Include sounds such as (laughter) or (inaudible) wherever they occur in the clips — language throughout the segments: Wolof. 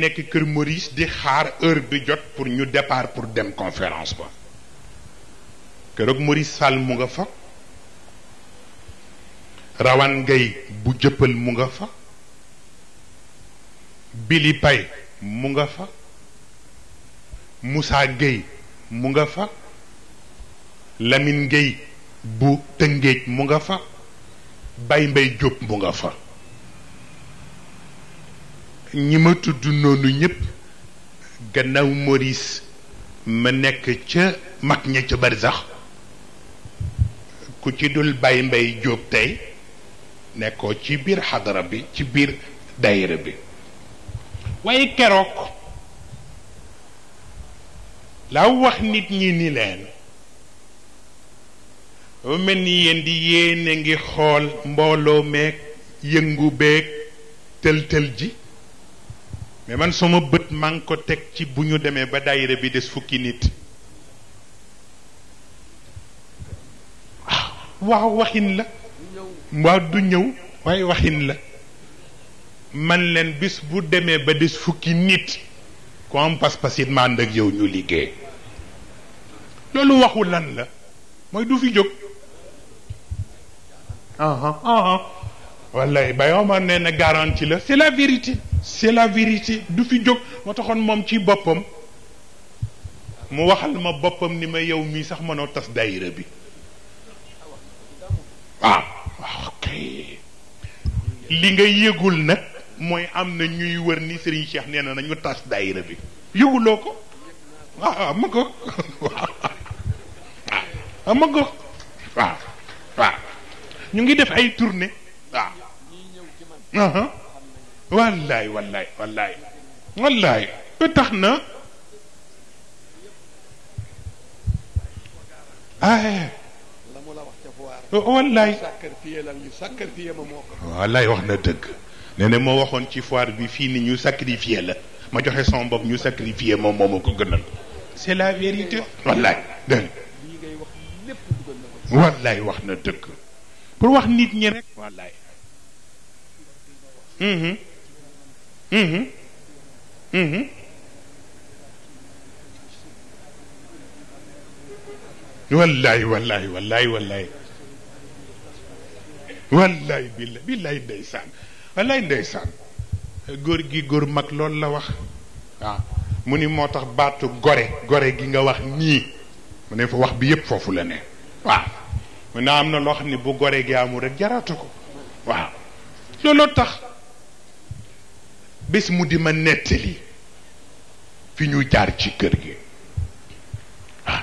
nekk Kër Maurice di xaar heure bi jot pour ñu départ pour dem conférence ba keroog Maurice Sall mu nga fa Rawane Gueye bu jëppal mu nga fa Billy pay mu nga fa Moussa Gueye mu nga fa Lamine Gueye bu Tëngéej mu nga fa bay Mbaye Diop mu nga fa ñi ma tudd noonu ñépp gannaaw Maurice ma nekk ca mag ña ca barsax ku ci dul bàyyi mbay jóob tey nekkoo ci biir xadara bi ci biir daayira bi waaye keroog law wax nit ñi ni leen mel ni yéen di yéen a ngi xool mbooloo meeg yëngu beeg tël-tël ji mais man sama bët maa ngi ko teg ci bu ñu demee ba daayira bi des fukki nit ah, waaw waxin la waaw du ñëw waaye waxin la man leen bis bu demee ba des fukki nit ku am pas-pas it ma ànd ak yow ñu liggéey loolu waxu lan la mooy du fi jóg wallaay Baye Omar nee na garanti la c'est la vérité c'est la vérité du fi jóg moo taxoon moom ci boppam mu waxal ma boppam ni ma yow mii sax mënoo tas daayira bi waaw ah, nga yëgul nag mooy am na ñuy wër ni Serigne nee na nañu tas daayira bi yëguloo ko waaw ah, ah, ma ko waaw (laughs) ñu ngi def ay tournée wallaay wallaay wallaay wallaay ba tax na ay ah. wallaay wallaay wax na dëgg nee moo waxoon ci foire bi fii ni ñu sacrifié la ma joxe son bopp ñu sacrifié moom moo ma ko gënal c'est la vérité wallaay dëgg wallaay wax na dëgg pour wax nit ñi rek wallaay mm-hmm. mm-hmm. mm-hmm. wallaay wallaay wallaay wallaay billaay billaay ndeysaan wallaay ndeysaan góor gi góor mag lool la wax waaw ah, mu ni moo tax baatu gore gore gi nga wax nii mu ne fa wax bi yépp foofu la ne waaw mu ne am na loo xam ne bu gore gi amul rek jaraatu ko waaw looloo tax bés mu di ma nettali fi ñu jaar ci kër gi ah,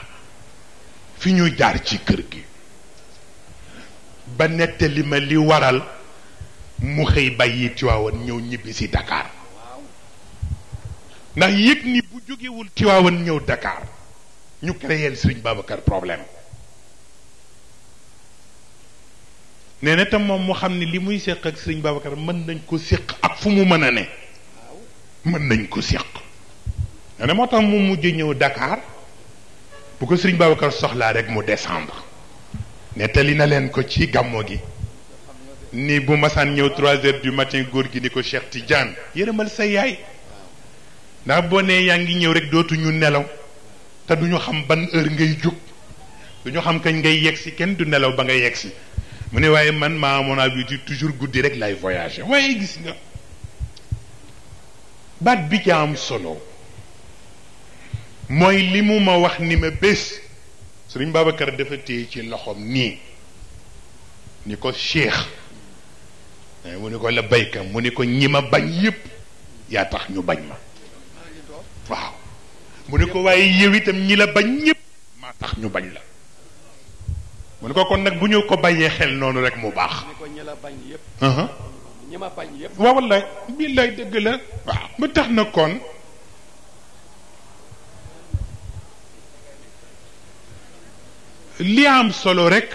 fi ñu jaar ci kër gi ba nettali ma li waral mu xëy bàyyi Tiwaawan ñëw ñibbi si ndax yëg ni bu jógewul Tiwaawan ñëw Dakar ñu créer Sëriñ Babacar problème nee na tam moom mu xam ne li muy séq ak Sëriñ Babacar mën nañ ko séq ak fu mu mën a ne man nañ ko séq ne moo tax mu mujj ñëw Dakar bu ko Serigne Babacar soxlaa rek mu décembre nettali na leen ko ci gàmmo gi ni bu masaan ñëw trois heures du matin góor gi ni ko Cheikh Tidiane yërëmal sa yaay ndax boo nee yaa ngi ñëw rek dootuñu nelaw te duñu xam ban heure ngay jóg duñu xam kañ ngay yegsi kenn du nelaw ba nga yegsi mu ne waaye man maa mon habitude toujours guddi rek lay voyager waaye gis nga baat bi ci am solo mooy li mu ma wax ni ma bés sëriñ Babacar dafa téye ci loxoom nii ni ko cheikh mu ni ko la bayka mu ni ko ñi ma bañ yépp yaa tax ñu bañ ma waaw mu ni ko waaye yow itam ñi la bañ ñépp maa tax ñu bañ la mu ni ko kon nag bu ñu ko bàyyee xel noonu rek mu baax. mu ni ko ñi la bañ yépp yi ma bañ yëpp waaw wallaay billaay dëgg la ba tax na kon li am solo rekk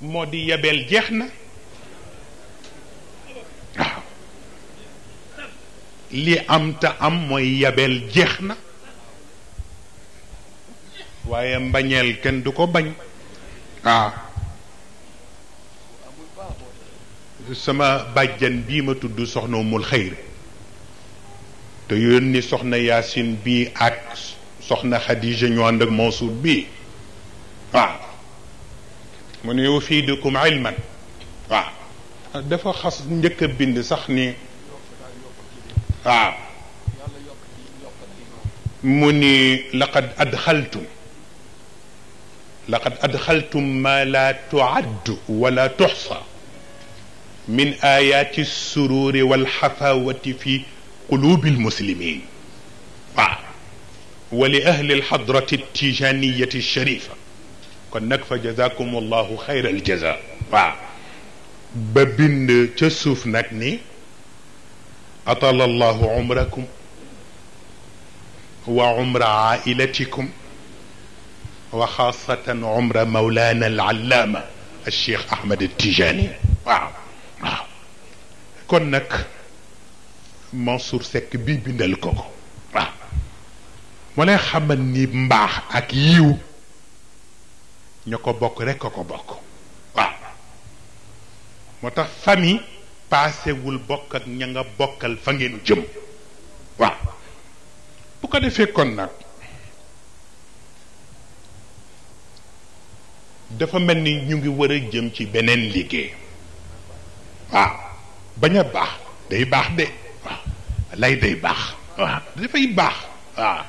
moo di yebeel li am te am mooy yebeel jeex na waaye mbañeel kenn du ko bañ waaw sama bàjjan bii ma tudd soxna mul xëyre te yónni soxna yaasin bii ak soxna xadija ñu ànd ak Mansour bii waaw mu ne ufiidukum ilman waaw dafa xas njëkk a bind sax ni waaw mu ni laqad adxaltum laqad adxaltum ma la tuaddu wala tuxsa من آيات السرور والحفاوة في قلوب المسلمين ولأهل الحضرة التيجانية الشريفة قل نكفى جزاكم الله خير الجزاء ببن تسوف نكني أطال الله عمركم وعمر عائلتكم وخاصة عمر مولانا العلامة الشيخ أحمد التيجاني واو kon nag Mansour Seck bi bindal ko ko waaw ma lay xamal ni mbaax ak yiw ña ko bokk rekk a ko bokk waaw ah. moo tax famille paasewul bokk ak ña nga bokkal fa ngeen jëm waaw ah. bu ko defee kon nag dafa mel ni ñu ngi war a jëm ci beneen liggéey waaw ah. bañ a baax day baax de waaw lay day baax waaw dafay baax waaw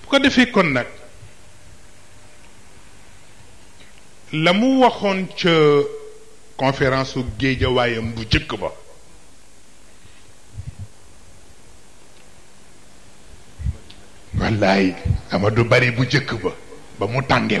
bu ko defee kon nag la mu waxoon ca conférence su géejawaayam bu jëkk ba wallaay ama du bari bu jëkk ba ba mu tàngee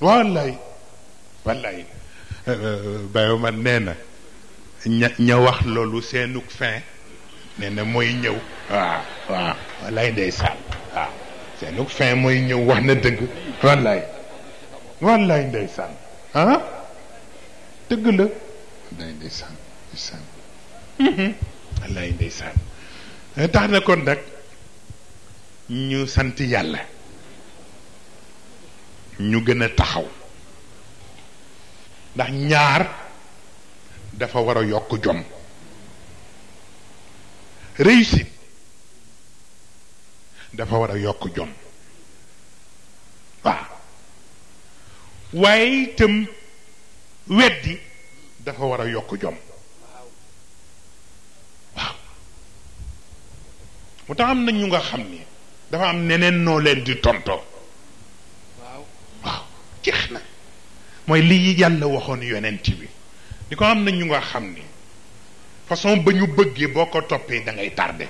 wallaay wallaay bàyyi man nee na ña ña wax loolu seenug fin nee na mooy ñëw waaw waaw wallaay ndeysaan waaw seenug fin mooy ñëw wax na dëgg wallaay wallaay ndeysaan ah dëgg la wallaay ndeysaan ndeysaan wallaay ndeysaan tax na kon nag ñu sant yàlla ñu gën a taxaw ndax ñaar dafa war a yokk jom réussite dafa war a yokk jom waaw waaye itam weddi dafa war a yokk jom waaw mu tax am na ñu nga xam ni dafa am neneen noo leen di tontoo jeex moy li yalla waxone yonenti bi diko ko am na ñu nga xamni façon bañu bëgge boko topé da ngay tardé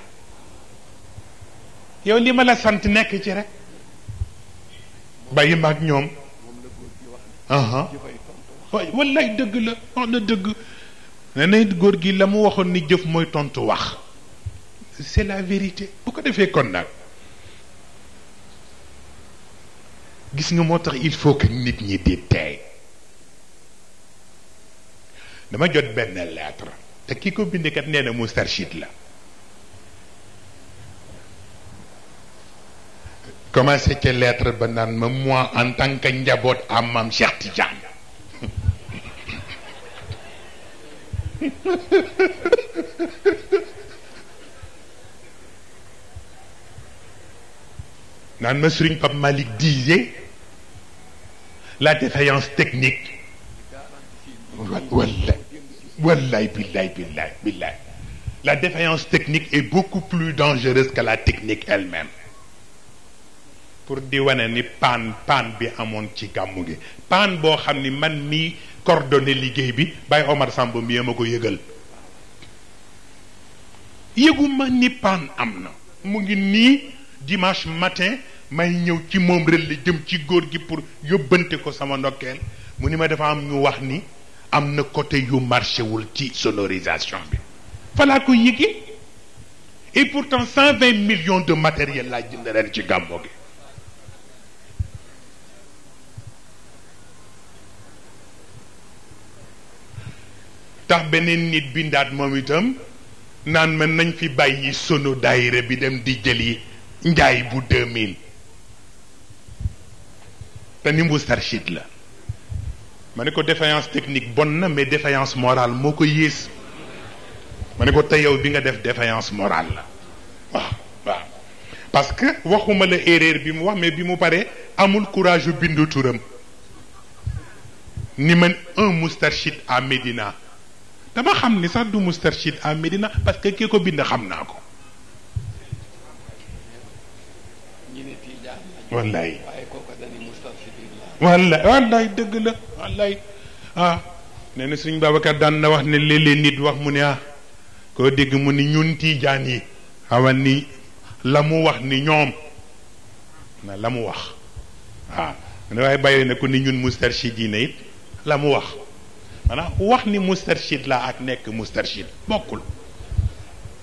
yow li ma la sant nek ci rek bàyyi ma ak ñoom aha wallaay deug la on na dëgg nee na góor gi la mu ni jëf moy tontu wax c'est la vérité bu ko défé kon nag gis nga moo tax il faut que nit ñi di teey dama jot benn lettre te ki ko kat nee na Moustarchid la commencé ca lettre ba naan ma moi en tant que njaboot amam Cheikh Tidiane (laughs) naan ma Serigne Pape Malick Dizé la défaillance technique wallaay wallaay billahi, billahi. la défaillance technique est beaucoup plus dangereuse que la technique elle-même pour dire, wane ni paan pan, bi amoon ci gàmmu pan bo xamni xam ni man mii coordonné liggéey bi Baye Omar Sambo mi yamako ko yeguma ni paan amna mu dimanche matin may ñëw ci moom rel li jëm ci góor gi pour yóbbante ko sama ndokkeel mu ni ma dafa am ñu wax ni am na côté yu marché wul ci sonorisation bi falaa ko yëgee et pourtant cent vingt millions de matériel laa jënd ren ci gàmmo gi tax beneen nit bindaat moom itam naan man nañ fi bàyyi sono daayira bi dem di jëli njaay bu deux mille te ni Moustarchid la ma défaillance technique bon na mais défaillance morale moko ko yées te yow bi nga def défaillance morale waaw parce que waxuma la erreur bi mu wax mais bi mu paré amul courage bindu touram ni man un Moustarchid à medina dama xam ni sax du Moustarchid à Medina? parce que kiko bind xam naa ko wallaay wallaay dëgg la wallaay ah nee na sëriñ Babacar daan na wax ne léeg nit wax mu ne ah koo dégg mu ni ñun tiijaan yi xamal ni la mu wax ni ñoom na la mu wax waaw ah, ne waaye bàyyi na ko ni ñun mustarchid yi ne la mu wax maanaam wax ni mustarchid laa ak nekk mustarchid bokkul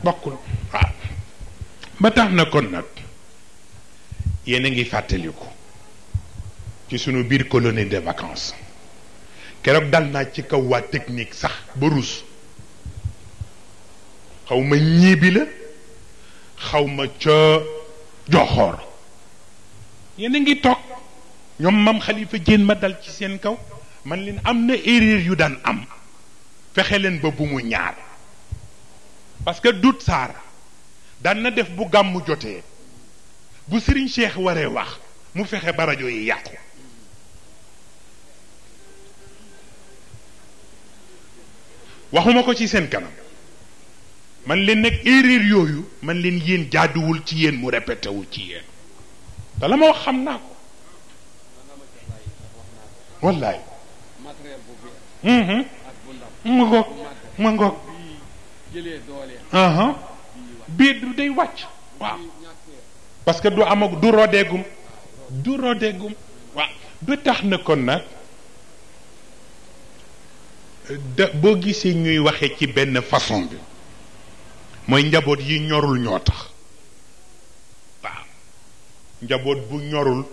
bokkul waaw ah, ba tax na kon nag yéen a ngi fàttaliku ci sunu biir colonie de vacances keroog dal naa ci kaw waa technique sax ba ruus xaw ma ñiibi la xaw ma ca joxoor yéen a ngi toog ñoom mam xalifa jéen ma dal ci seen kaw man leen am na erreur yu daan am fexe leen ba bu mu ñaar parce que dut saar daan na def bu gàmmu jotee bu sëriñ Cheikh waree wax mu fexe ba rajo yi yàqu waxuma ko ci seen kanam man leen nag erreur yooyu man leen yéen jaaduwul ci yéen mu répété wul ci yéen te la ma xam naa ko wallaay ma ngoog ma ngoog bii du day wàcc waaw parce que du amag du rodeegum du rodeegum waaw du tax na kon nag da boo gisee ñuy waxee ci benn façon bi mooy njaboot yi ñorul ñoo tax waaw njaboot bu ñorul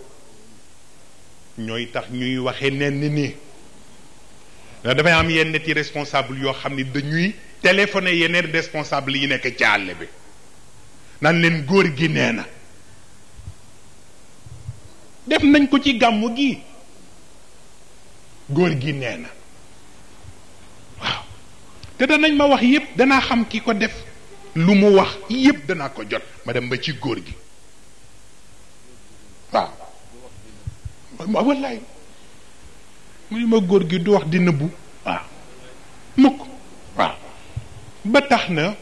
ñooy tax ñuy waxee nenn ni ndax dafay am yenn ci responsable yoo xam ni dañuy téléphoné yeneen responsable yi nekk ci àll bi nan leen góor gi nee na def nañ ko ci gàmmu gi góor gi nee na te danañ ma wax yépp danaa xam ki ko def lu mu wax yépp danaa ko jot ma dem ba ci góor gi waaw wallaay mu ni ma góor gi du wax di nëbbu waaw mukk waaw ba tax na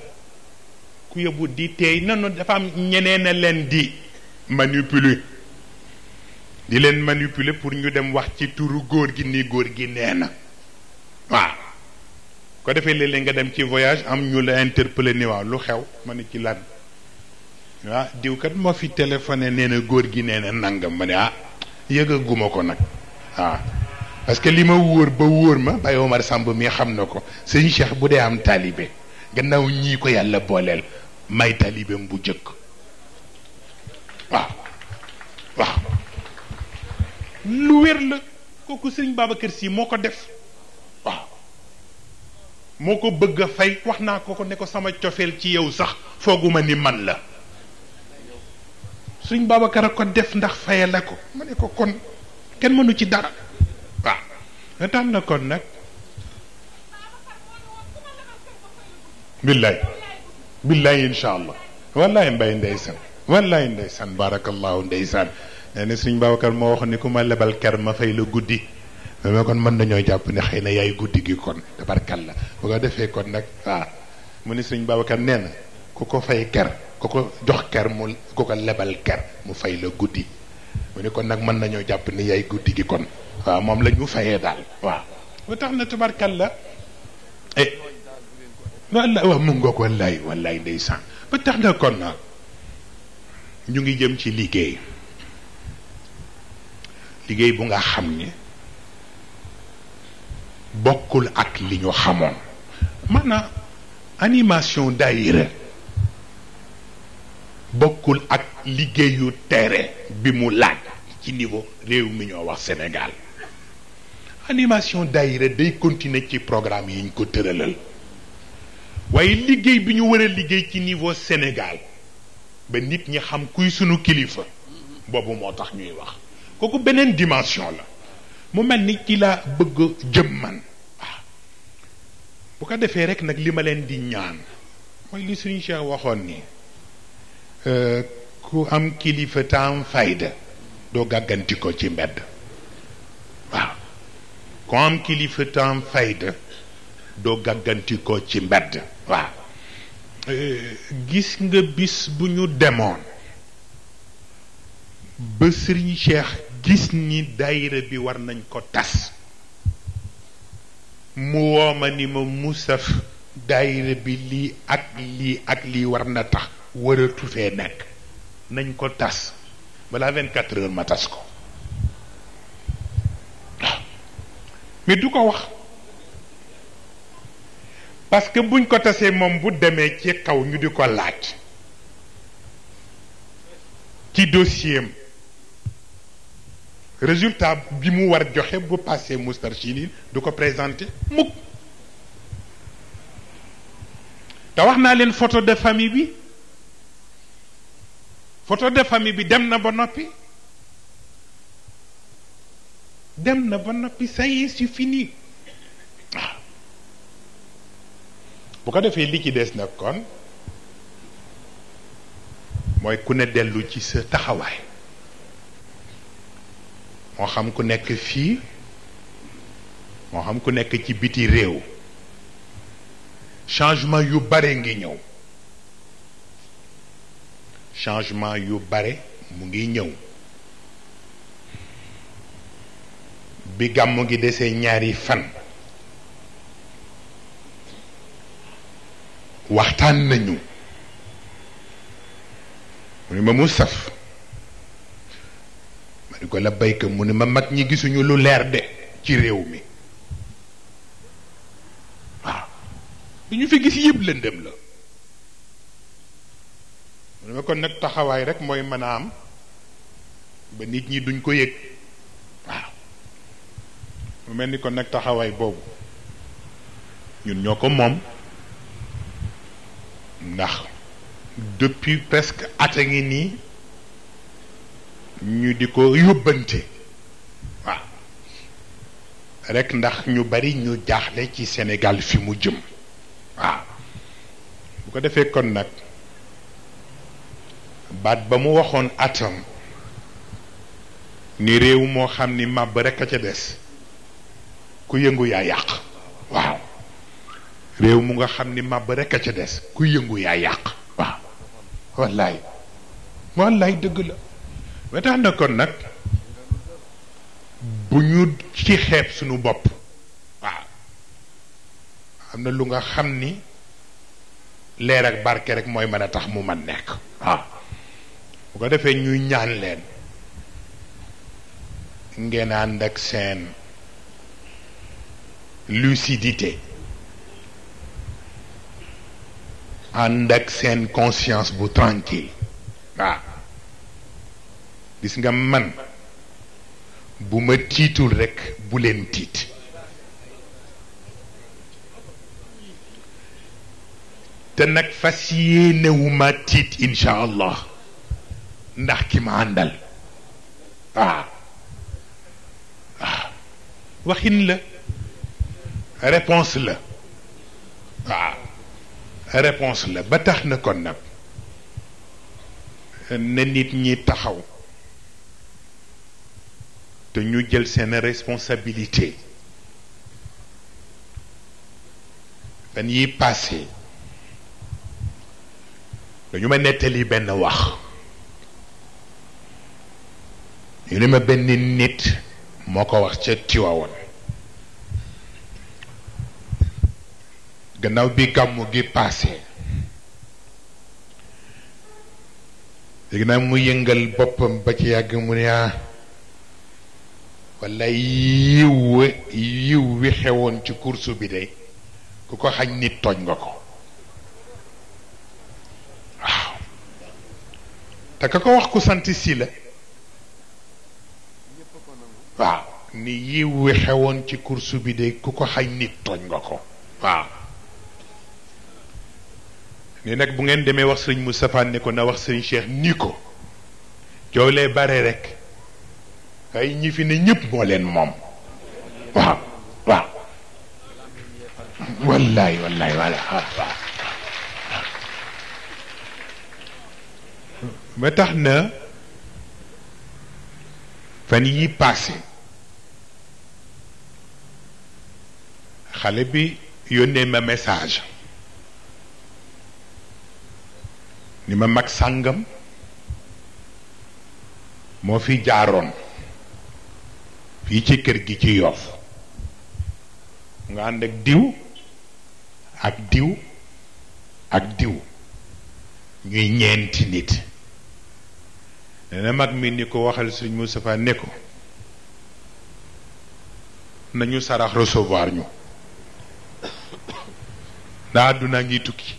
ku yóbbu di tey nanu dafa am ñeneen a leen di manipuler di leen manipuler pour ñu dem wax ci turu góor gi ni góor gi nee na waaw ko defee léeg-léeg nga dem ci voyage am ñu la interpellé ni waaw lu xew ma ne ci lan waaw ah, diwkat moo fi téléphoné nee na góor gi nee na nangam ma ne ah yëgaguma ko nag waaw ah, parce que li ma wóor ba wóor ma Baye Omar Samb mi xam na ko sëñ Cheikh bu dee am taalibe gannaaw ñii ko yàlla booleel may taalibeem bu jëkk waaw waaw lu wér la kooku sëñ Babacar si moo ko def waaw moko bëgg fay wax ko ko ne ko sama ciofel ci yow sax foguma ni man la suñ Babacar a ko def ndax faye la ko mané ko kon kenn mënu ci dara wa nga na kon nak billahi billahi inshallah wallahi mbay ndeysaan wallahi ndeysaan barakallahu ndeysaan ene na suñ Babacar mo wax ni ku ma lebal ker ma fay la guddii mais kon mën nañoo jàpp ni xëy na yaay guddi gi kon tabarkal la bu ko defee kon nag waaw ah, mu ne suñ Babacar nee na ku ko fay ker ku ko jox ker mu ku ko lebal ker mu fay la guddi mu ni kon nag mën nañoo jàpp ni yaay guddi gi kon waaw ah, moom la ñu fayee daal waaw tax na la eh walla waaw mu ngoog wallaay wallaay ndeysaan ba tax na kon na ah, ñu ngi jëm ci liggéey liggéey bu nga xam ni bokkul ak li ñu xamoon maanaam animation daayira bokkul ak liggéeyu tere bi mu laaj ci niveau réew mi ñoo wax Sénégal animation daayira day continuer ci programme yi ñu ko tëralal waaye liggéey bi ñu war a liggéey ci niveau Sénégal ba nit ñi xam kuy sunu kilifa boobu moo tax ñuy wax kooku beneen dimension la mu mel ni ci la bëgg jëm man ah. bu ko defee rek nag li ma leen di ñaan mooy li suñu cheikh waxoon ni euh, ku am kilifa te fayda doo gàgganti ko ci mbedd waaw ku am kilifa te fayda doo gàgganti ko ci mbedd waaw euh, gis nga bis bu ñu demoon ba cheikh gis ni daayira bi war nañ ko tas mu wooma ni ma musaf daayira bi lii ak lii ak lii war na tax waratu fee nekk nañ ko tas balaa vingt-quatre heures ma tas ko mais du ko wax parce que buñ ko tasee moom bu demee ci kaw ñu di ko laaj ci dossier résultat bi mu war joxe bu passé Moustarchidine du ko présenté mukk te wax naa leen photo de famille bi photo de famille bi dem na ba noppi dem na ba noppi ça y est fini waaw ah. bu ko defee li ci des nag kon mooy ku ne dellu ci sa taxawaay moo xam ku nekk fii moo xam ku nekk ci biti changement yu bare ngi changement yu bare mu ngi ñëw bi gi desee ñaari fan waxtaan nañu ko la bayka mu ni ma mag ñi gisuñu lu leer de ci réew mi waaw li ñu fi gis yëpp lëndëm la mu ne ma kon nag taxawaay rek mooy mën a am ba nit ñi duñ ko yëg waaw mu mel ni kon nag taxawaay boobu ñun ñoo ko moom ndax depuis presque at ngi nii ñu di ko yóbbante waaw rekk ndax ñu bari ñu jaaxle ci senegal fi mu jëm waaw bu ko defee kon nag baat ba mu waxoon atom ni réew moo xam ni màbb rekk a ca des ku yëngu yaa yàq waaw réew mu nga xam ni màbb rekk a ca des ku yëngu yaa yàq waaw wallaay wallaay dëgg la ba kon nag bu ñu ci xeeb suñu bopp waaw am lu nga xam ni ak barke rek a tax mu man nekk waaw bu ko lucidité conscience bu tranquille gis nga man buma titul rek bu len tit te nag fas yéenewuma tit incha allah ndax ki ma àndal ah waxin la réponse la ah réponse la ba tax na kon nag na nit ñi taxaw te ñu jël seen responsabilité fan yi passé dañu ma nettali benn wax ñu ne ma benn nit Moko ko wax ca Tiwaawan gannaaw bi gàmmu gi passé léegi nag mu yëngal boppam ba ci yàgg mu ne ah wala yiw yiw wi xewoon ci kursu bi de ku ko xaj nit tooñ nga ko waaw te ka ko wax ku sant si la waaw ni yiw wi xewoon ci kursu bi de ku ko xaj nit tooñ nga ko waaw ni nag bu ngeen demee wax sëriñ Moustapha ne ko na wax sëriñ Cheikh nii ko coow lee bare rekk ay ñi fi ne ñëpp moo leen moom waaw waaw wallaay wallaay waaw ba tax na fan yi passé xale bi yónnee ma message ni ma mag sàngam moo fi jaaroon fii ci kër gi ci yoof nga ànd ak diw ak diw ak diw ñuy ñeenti nit dana mag mi ni ko waxal sëñ Moustapha ne ko nañu sarax recevoir ñu ndax àdduna ngi tukki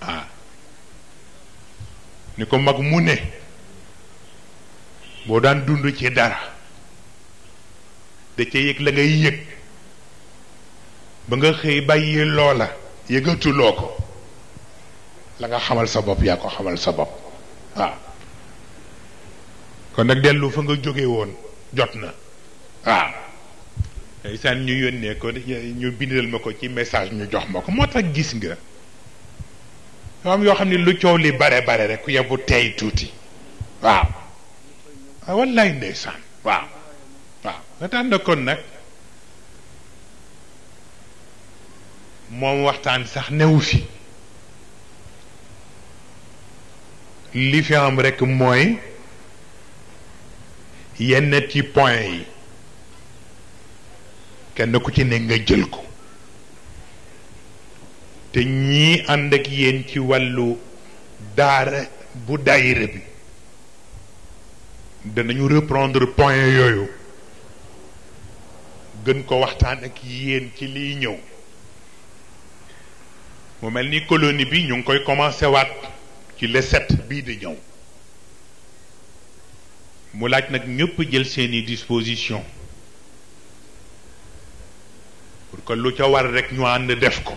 ah. ni ko mag mu ne boo daan dund ci dara da ca yëg la ngay yëg ba nga xëy bàyyi loola yëgatuloo ko la nga xamal sa bopp yaa ko xamal sa bopp waaw kon nag dellu fa nga jóge woon jot na waaw ndeysaan ñu yónnee ko ñu bindal ma ko ci message ñu jox ma ko moo tax gis nga am yoo xam ne lu coow li bare bare rek ku yebu tey tuuti waaw wallaay ndeysaan waaw ba tax na kon nag moom waxtaan sax newu fi li fi am rekk mooy yenn ci point yi kenn ku ci ne nga jël ko te ñii ànd ak yéen ci wàllu daara bu daayira bi danañu reprendre point yooyu gën ko waxtaan ak yéen ci liy ñëw mu mel ni colonie bi ñu ngi koy commencé waat ci le sept bii di ñëw mu laaj nag ñëpp jël seeni disposition pour que lu ca war rek ñu ànd def ko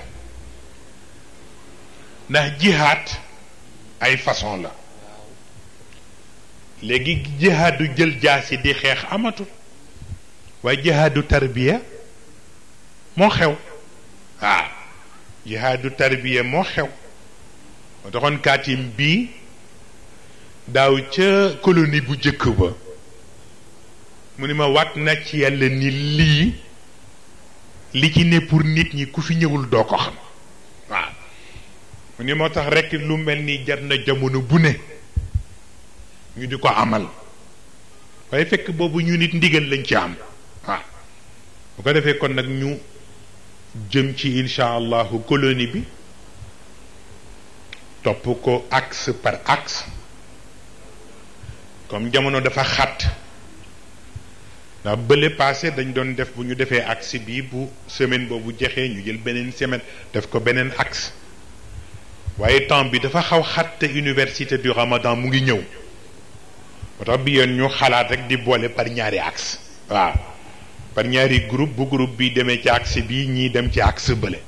ndax jihaat ay façon la léegi jihaat du jël jaasi di xeex amatul waaye jihaadu tarbiya moo xew waaw ah. jihaadu tarbiya moo xew moo taxoon kaatim bii daaw ca colonie bu jëkk ba mu ni ma wat na ci yàlla ni lii li ci ne pour nit ñi ku fi ñëwul doo ko xam waaw ah. mu ni moo tax rekk lu mel ni jar na jamono bu ne ñu di ko amal waaye fekk boobu ñu nit ndigal lañ ci am bu ko defee kon nag ñu jëm ci incha allahu colonie bi topp ko axe par axe comme jamono dafa xat ndax bële passé dañ doon def bu ñu defee axe bi bu semaine boobu jeexee ñu jël beneen semaine def ko beneen axe waaye temps bi dafa xaw xat te université du ramadan mu ngi ñëw moo tax bi yoon ñu xalaat rek di boole par ñaari axe waaw par ñaari groupe bu groupe bi demee ci aksi bii ñii dem ci axe bële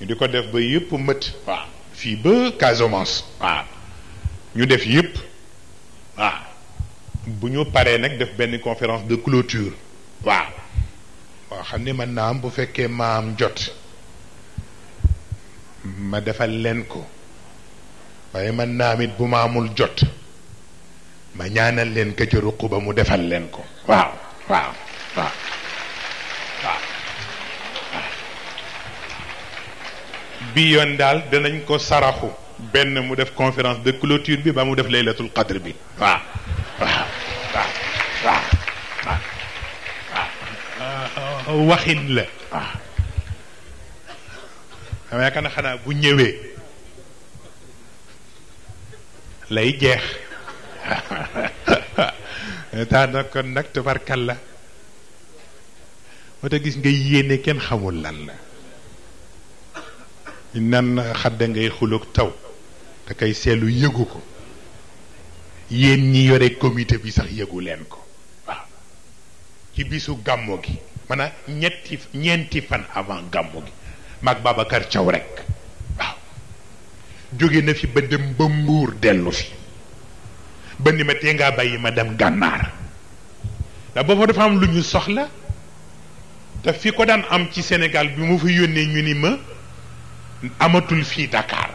ñu di ko def ba yëpp mët waaw fii ba Casamance waaw ñu def yépp waaw bu ñu paree nag def benn conférence de clôture waaw waaw xam ne mën naa am bu fekkee ma jot ma defal leen ko waaye mën naa am it bu ma jot ma ñaanal leen ka ruq ba mu defal leen ko waaw waaw نعم waaw bi yoon daal danañ ko saraxu benn mu def conférence de clôture bi ba mu def laylatul qadr bi waaw waaw waaw waaw waaw waxin la waaw xam yaakaar na xanaa bu ñëwee lay jeex taa na kon nag tubarkal la moo tax gis ngay yéene kenn xamul lan la nan xadda ngay xuloog taw da koy seetlu yëgu ko yéen ñi yore comité bi sax yëgu leen ko waaw ci bisu gàmmo gi maanaam ñetti ñeenti fan avant gàmmo gi maag Babacar Thiaw rek waaw jóge na fi ba dem ba mbuur dellu si ba ni ma tee ngaa bàyyi ma dem gànnaar ndax boobu dafa am lu ñu soxla te fi ko daan am ci senegal bi mu fi yónnee ñu ni ma amatul fii Dakar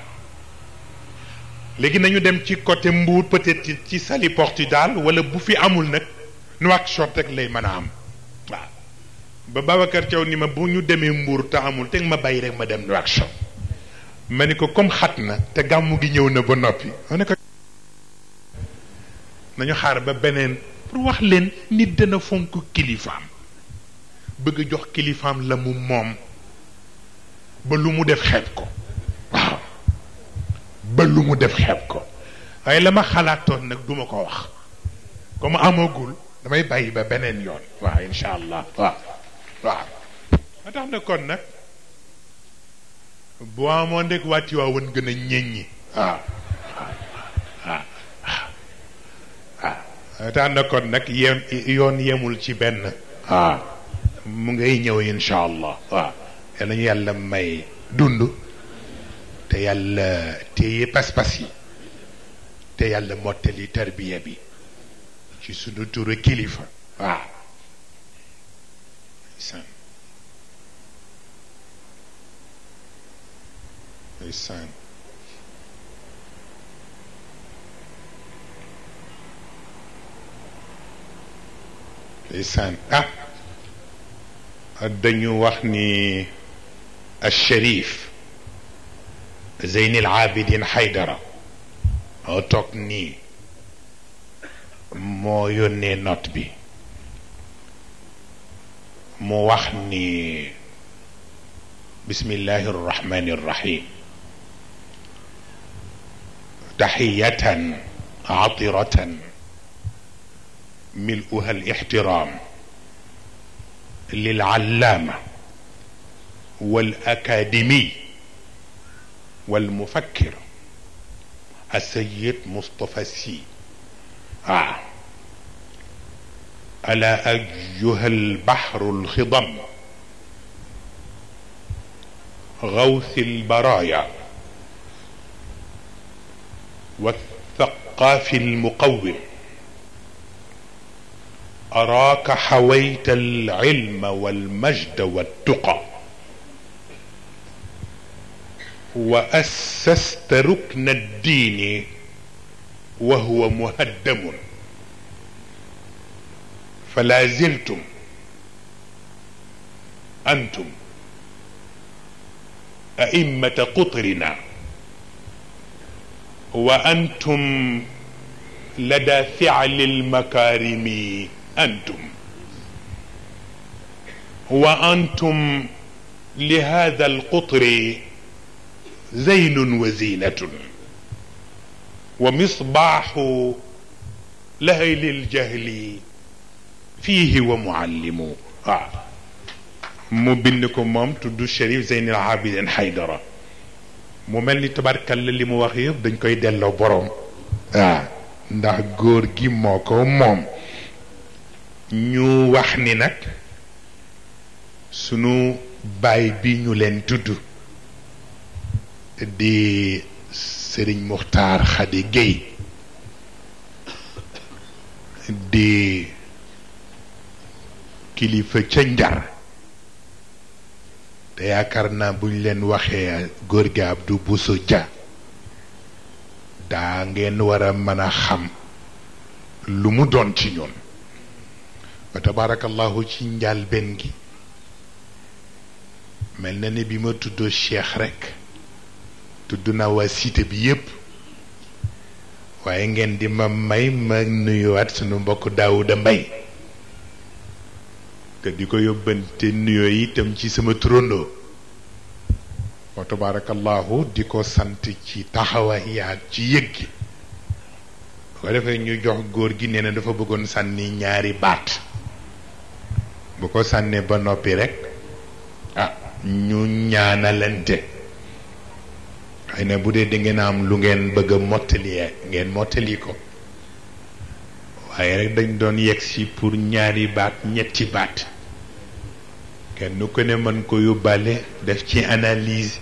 léegi nañu dem ci côté Mbour peut-être ci Saly Portudal wala bu fi amul nag Nouakchott rek lay mën a am waaw ba Babacar Thiaw ni ma bu ñu demee mbuur te amul teg ma bàyyi rek ma dem Nouakchott ma ni ko comme xat na te gàmmu gi ñëw na ba noppi ma nañu xaar ba beneen pour wax leen nit dana fonk kilifaam bëgg jox kilifaam la mu moom ba lu mu def xeeb ko waaw ba lu mu def xeeb ko waaye la ma xalaatoon nag du ma ko wax comme amagul damay bàyyi ba beneen yoon waaw incha allah waaw waaw ma tax na kon nag bu amoon rek wàcci waa woon gën a ñi waaw waaw waaw ma tax na kon nag yem yoon yemul ci benn waaw mu ngay ñëw incha allah waaw yal nañu yàlla may dund te yàlla téye pas-pas yi te yàlla mottali tarbiya bi ci sunu turu kilifa waaw ndeysaan ndeysaan ndeysaan ah دانيو وحني الشريف زين العابدين حيدرة أتوكني مو يوني نوتبي مو وحني بسم الله الرحمن الرحيم تحية عطرة ملؤها الاحترام للعلامه والاكاديمي والمفكر السيد مصطفى السي آه. ألا أيها البحر الخضم غوث البرايا والثقاف المقوم أراك حويت العلم والمجد والتقى وأسست ركن الدين وهو مهدم فلا زلتم أنتم أئمة قطرنا وأنتم لدى فعل المكارم أنتم وأنتم لهذا القطر زين وزينة ومصباح لهيل الجهل فيه ومعلم آه. مبنكم مام تدو الشريف زين العابدين حيدرة مملي تبارك اللي مواخير دنكو يدلو بروم آه. ndax góor gi moo ñu wax ni nag sunu baay bi ñu leen tudd di sëriñ Muxtaar Xadi Géy di kilifa ca njar te yaakaar naa bu ñu leen waxee góor gi Abdou Bousso Dia daa ngeen war a mën a xam lu mu doon ci ñoon fa tabaarakallahu ci njàlbeen gi mel na ni bi ma tuddoo cheikh rekk tudd naa waa cité bi yépp waaye ngeen di ma may ma nuyuwaat sunu mbokk Daawuda Mbay te di ko yóbbante nuyoo itam ci sama turandoo wa tabaarakallahu di ko sant ci taxawaayaat ci yëg gi ko defee ñu jox góor gi nee na dafa bëggoon sànni ñaari baat bu ko sànnee ba noppi rek ah ñu ñaanalante xëy na bu dee da ngeen am lu ngeen bëgg a ngeen mottali ko waaye rek dañ doon yegg si pour ñaari baat ñetti baat kenn ku ne mën ko yóbbaale def ci analyse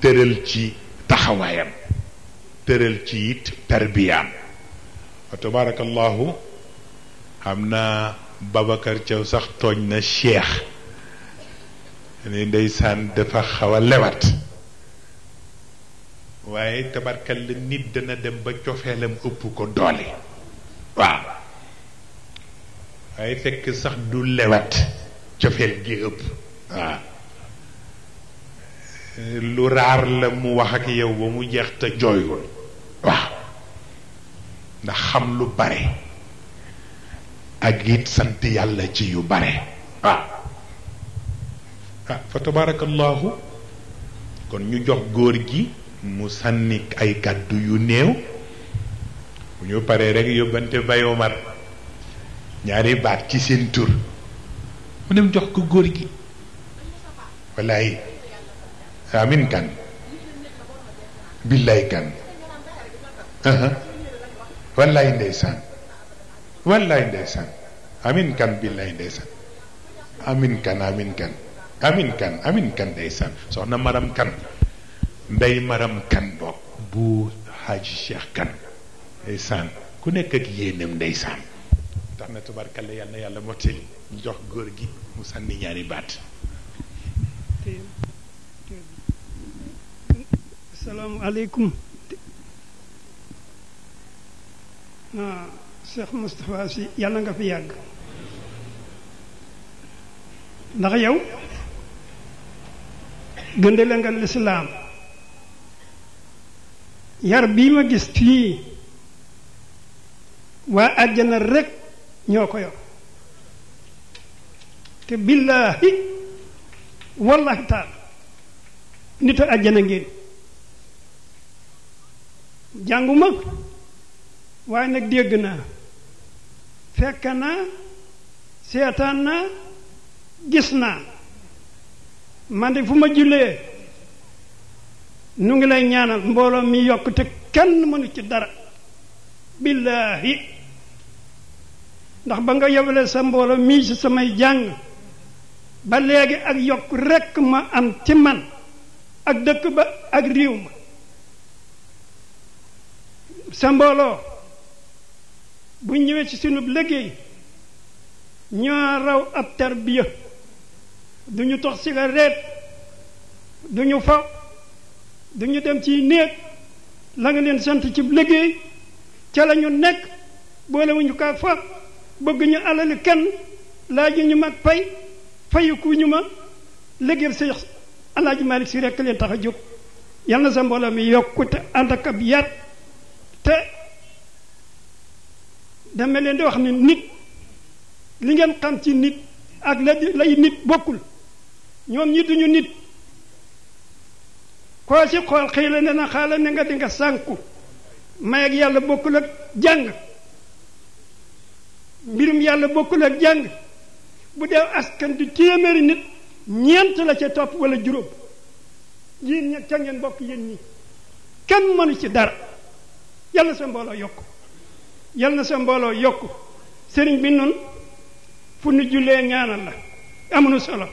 tëral ci taxawaayam tëral ci it tarbiyaam wa xam naa babakar ciow sax togn na Cheikh ni ndeysan dafa xawa lewat waye tabarkal la nit dana dem ba ciofelam upp ko dole waaw ay fekk sax du lewat ciofel gi upp waaw lu rar la mu wax ak yow ba mu jeex te jooyul waaw ndax xam lu bare ak it sant yàlla ci yu bare waaw ah. ah fa tabarakallahu kon ñu jox góor gi mu sànni ay kàddu yu néew bu ñu paree rek yóbbante Baye Omar ñaari baat ci seen tur mu dem jox ko góor gi wallaay amin kan billaay kan wallaay ndeysaan wallaay ndeysaan amin kan billaay ndeysaan amin kan amin kan amin kan amin kan ndeysaan soxna maram kan ndey maram kan bokk bu xaaj cheikh kan ndeysaan ku nekk ak yéenam ndeysaan tax na tubarkalla yal na yàlla mottali ñu jox góor gi mu sànni ñaari baat asalaamaaleykum ah. Cheikh Moustapha Sy yàlla nga fi yàgg ndax yow gëndale nga lislaam yar bii ma gis fii waa àjjana rek ñoo ko yor te billaahi wallahi taal nit a àjjana ngeen jàngu waaye nag dégg naa fekk na seetaan na gis naa man de fu ma jullee nu ngi lay ñaanal mbooloo mi yokk te kenn mënu ci dara billaahi ndax ba nga yebale sa mbooloo mii ci samay jàng ba léegi ak yokk rekk ma am ci man ak dëkk ba ak réew ma sa mbooloo bu ñëwee ci sunu bu liggéey ñoo raw ab tarbiya du tox cigarette du ñu fa du dem ci néeg la nga leen sant ci liggéey ca la ñu nekk boolewuñu kaa fa bëgg ñu alali kenn yi ñu mag pay fayiku ñu ma liggéeyal Seex Alaaji Maalik Si rekk leen tax a jóg yal na sa mbooloo mi yokkute ànd ak ab yar te dama mel leen di wax ni nit li ngeen xam ci nit ak la lay nit bokul ñoom ñi duñu nit ko ci xol xeyla ne na xala ne nga di nga sanku may ak yalla bokul ak jang mbirum yalla bokul ak jang bu dew askan di téméri nit ñent la ci top wala juróom yeen ñak ca ngeen bokk yeen ñi kenn mënu ci dara yalla sa mbolo yokku yal na sa mbooloo yokk sëriñ bi nun fu nu jullee ñaanal la amunu solo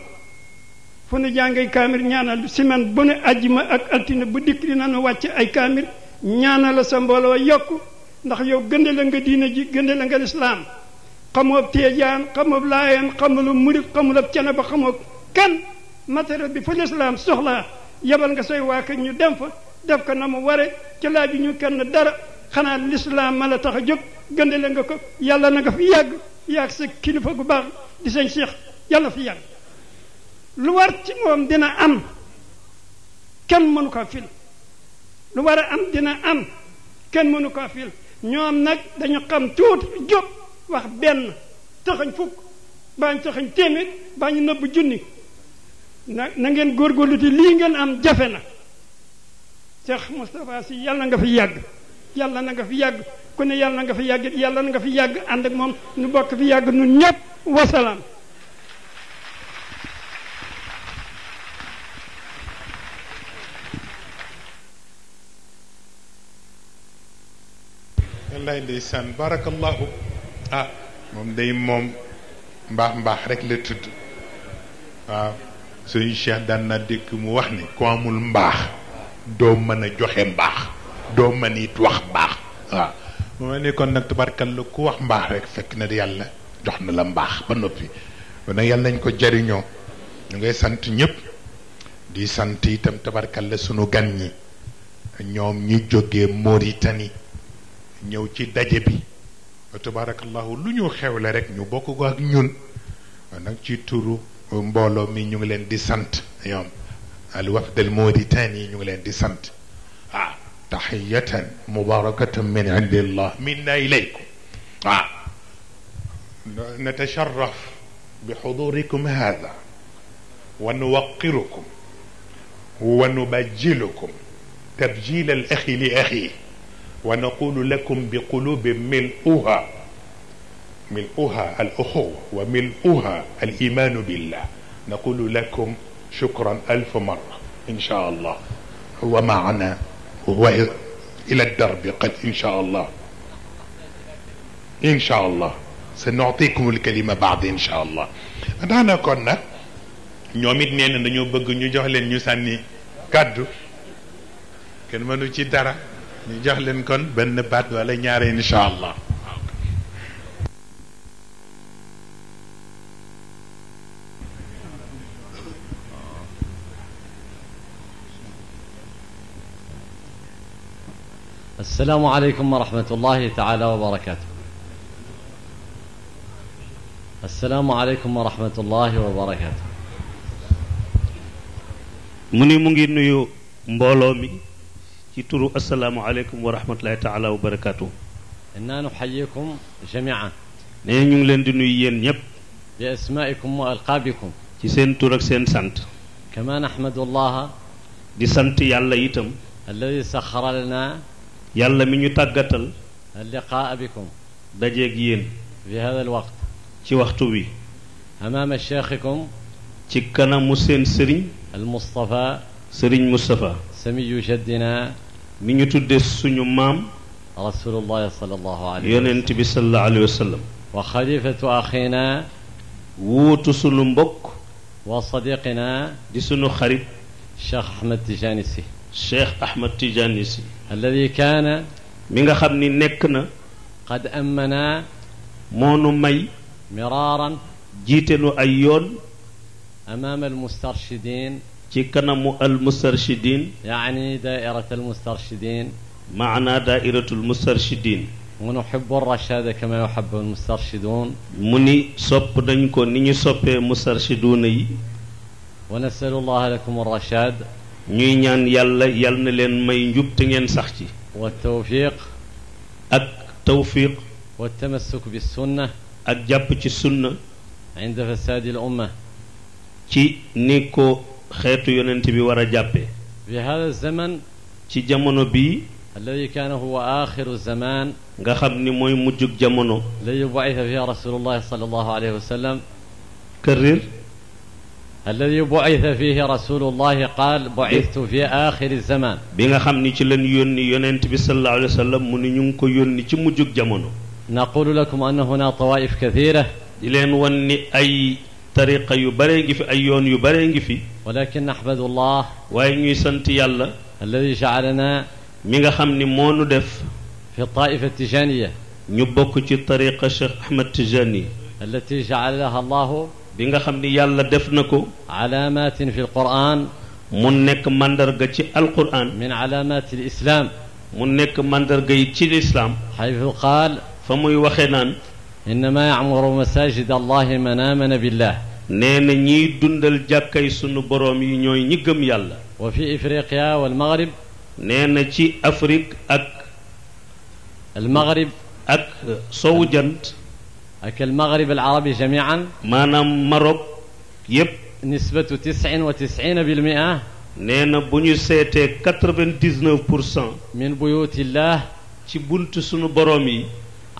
fu nu jàngee kaamir ñaanal siman bu ne ajjuma ak altine bu dikk dina nu wàcc ay kaamir ñaanal la sa mbooloo yokk ndax yow gënde la nga diina ji gënde la nga lislaam xamoo teejaan xamoo laayeen xamulu murit xamulab cene ba xamoo kan matériel bi fa lislaam soxlaa yebal nga say waa ñu dem fa def ko na mu ware ci laaju ñu kenn dara xanaa lislaam ma la tax a jóg gëndale nga ko yàlla na nga fi yàgg yàgg sa kilifa gu baax di sañ seex yàlla fi yàgg lu war ci moom dina am kenn mënu ko fil lu war a am dina am kenn mënu ko fil ñoom nag dañu xam tuuti jóg wax benn taxañ fukk baa ñu taxañ téeméer baa nëbb junni na na góor góorgóorlu te lii ngeen am jafe na Cheikh Moustapha Sy yàlla nga fi yàgg yàlla na nga fi yàgg ku ne yàlla na nga fi yàgg yàlla nga fi yàgg ànd ak moom nu bokk fi yàgg nun ñëpp wasalaam wallaay ndeysaan barakallahu ah moom day moom mbaax mbaax rek la tudd waaw ah, suñu cheikh daan na dégg mu wax ni ku amul mbaax doo mën a joxe mbaax doo mën it wax mbaax waaw moo ne kon nag tubarkal la ku wax mbaax rek fekk na di yàlla jox na la mbaax ba noppi kon nag yàlla nañ ko jariñoo ñu ngay sant ñëpp di sant itam tabarkal la sunu gan ñi ñoom ñi jógee Mauritanie ñëw ci daje bi tabarakallahu lu ñu xewle rek ñu bokk ko ak ñun nag ci turu mbooloo mi ñu ngi leen di sant ñoom al wafdal Mauritanie ñu ngi leen di sant تحية مباركة من عند الله منا إليكم آه. نتشرف بحضوركم هذا ونوقركم ونبجلكم تبجيل الأخ لأخيه ونقول لكم بقلوب ملؤها ملؤها الأخوة وملؤها الإيمان بالله نقول لكم شكرا ألف مرة إن شاء الله ومعنا وهو الى الدرب يقول ان شاء الله ان شاء الله سنعطيكم الكلمه بعد ان شاء الله دانا كون نا نيوميت نين دا نيو بغ نيو جوخ ساني كادو كن مانو سي دارا نيو جوخ لين بات ولا نياري ان شاء الله السلام عليكم ورحمة الله تعالى وبركاته السلام عليكم ورحمة الله وبركاته مني مونغي نيو مبولومي كي ترو السلام عليكم ورحمة الله تعالى وبركاته إنا نحييكم جميعا نيو لين دي نيب بأسمائكم وألقابكم كي سين تورك سين سانت كما نحمد الله دي سانت يالا يتم الذي سخر لنا يلا من يتقتل اللقاء بكم دجيجين في هذا الوقت في وقت بي أمام الشيخكم تكنا مسين سرين المصطفى سرين مصطفى سمي شدنا من يتدس سنو مام رسول الله صلى الله عليه وسلم ينتي صلى الله عليه وسلم وخليفة أخينا ووتسلم بك وصديقنا دي سنو خريب الشيخ أحمد تجانسي الشيخ أحمد تيجانيسي الذي كان من خبني نيكنا قد أمنا مونو مي مرارا جيتنو أيون أمام المسترشدين كنمو المسترشدين يعني دائرة المسترشدين معنى دائرة المسترشدين ونحب الرشاد كما يحب المسترشدون مني صب دنكو ني صب مسترشدوني ونسأل الله لكم الرشاد ñuy ñaan yàlla yal na leen may njub te ngeen sax ci والتوفيق ak tawfiq والتمسك بالسنة ak jàpp ci sunna عند فساد الأمة ci ni ko xeetu yonent bi war a jàppee في هذا الزمن ci jamono bii الذي كان هو آخر الزمان nga xam ni mooy mujjug jamono الذي بعث فيها رسول الله صلى الله عليه وسلم كرر الذي بعث فيه رسول الله قال بعثت في آخر الزمان بيغا خامني ci لن يوني yonent بي صلى الله عليه وسلم من ñu يوني yoni موجوك جامونو نقول لكم أن هنا طوائف كثيرة لين وني أي طريقة يبرنج في أي يون يبرنج في ولكن نحمد الله واي ني سنت يالا الذي جعلنا ميغا خامني مونو ديف في الطائفة التجانية ني بوكو ci طريقه Cheikh احمد التجاني التي جعلها الله بيغا خامني يالا ديف نكو علامات في القران من نيك ماندارغا تي القران من علامات الاسلام من نيك ماندارغا تي الاسلام حيث قال فموي وخنان انما يعمر مساجد الله من امن بالله نين ني دوندال جاكاي سونو بروم يي نوي ني گم يالا وفي افريقيا والمغرب نين تي افريك اك المغرب اك سوجنت أك المغرب العربي جميعا ما مرب يب نسبة تسعين وتسعين بالمئة نين بنيو سيتي كتربين ديزنو بورسان من بيوت الله تبنت سنو برومي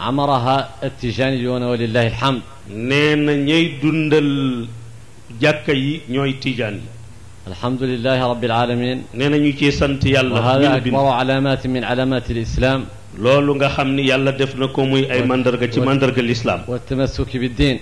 عمرها التجاني ولله الحمد نين ني دندل جاكي نيوي تجاني الحمد لله رب العالمين نين نيوكي سنتي الله وهذا أكبر علامات من علامات الإسلام loolu nga xam ni yàlla def na ko muy ay mandarga ci mandarga lislaam والتمسك بالدين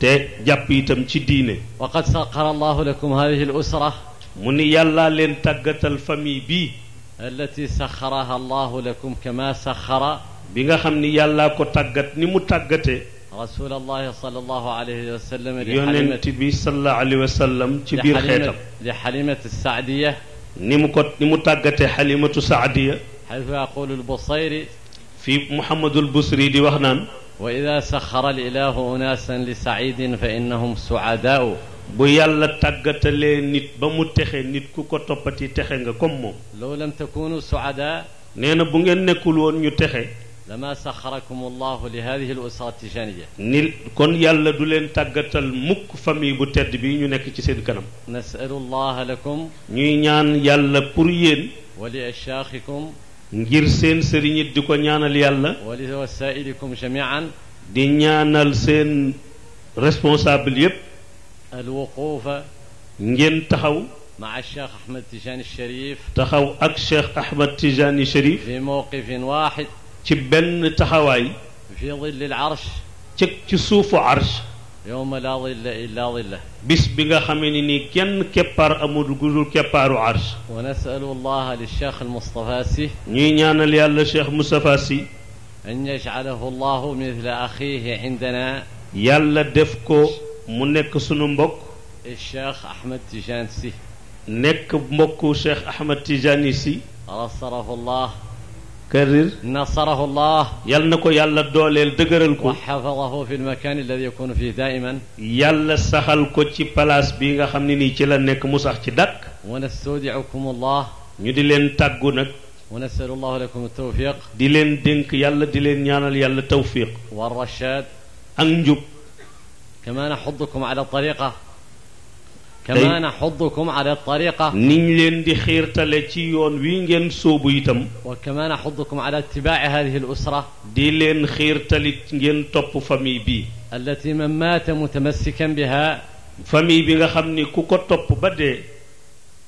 te jàpp itam ci diine وقد saqara الله lakum هذه الأسرة mu ni yàlla leen tàggatal famille bi allati سخرها الله lakum kama سخر bi nga xam ni yàlla ko tàggat ni mu tàggatee رسول الله صلى الله عليه وسلم يونت بي صلى الله عليه وسلم تي بير خيتام لحليمة السعدية نيمو كوت نيمو تاغاتي حليمه السعديه حيث يقول البصيري في محمد البصري دي وخنان وإذا سخر الإله أناسا لسعيد فإنهم سعداء bu yàlla tàggatalee nit ba mu texe nit ku ko toppati texe nga comme moom loo lam takunu suada nee na bu ngeen nekkul woon ñu texe lama saxarakum allahu li hadihi al usrati janiya ni kon yàlla du leen tàggatal mukk famille bu tedd bi ñu nekk ci seen kanam nasalu allaha lakum ñuy ñaan yàlla pour yéen wa li ashaaxikum ngir seen sëriñ it di ko ñaanal yàlla. wali wasaa'ilikum jamii'an. di ñaanal seen responsable yépp. al wuquufa. ngeen taxaw. ma cheikh مع الشيخ أحمد تجاني الشريف تخو أك شيخ أحمد تجاني الشريف في موقف واحد تبن تخواي في ظل العرش ci suufu arsh يوم لا ظل الا ظله بس بيغا خاميني ني كين كبار امو دغول كبارو عرش ونسال الله للشيخ المصطفى سي ني نيانال يالا الشيخ مصطفى سي ان يجعله الله مثل اخيه عندنا يالا ديفكو مو نيك سونو مبوك الشيخ احمد تيجان سي نيك مبوكو شيخ احمد تيجان سي الله الله كرر نصره الله يلنا كو يلا دوليل دغرل كو وحفظه في المكان الذي يكون فيه دائما يلا سخل كو تي بلاص بيغا خامني ني تي لا نيك مو تي دك ونستودعكم الله ñu di leen tàggu nag ونسأل الله لكم التوفيق دي لين دينك يلا دي لين ñaanal يالا توفيق والرشاد انجب كما نحضكم على الطريقه كما نحضكم على الطريقة نين دي خير تلتيون وين سوبو يتم وكما نحضكم على اتباع هذه الأسرة دي لين خير تلتين توب فمي بي التي من مات متمسكا بها فمي بي خمني كوكو توب بدي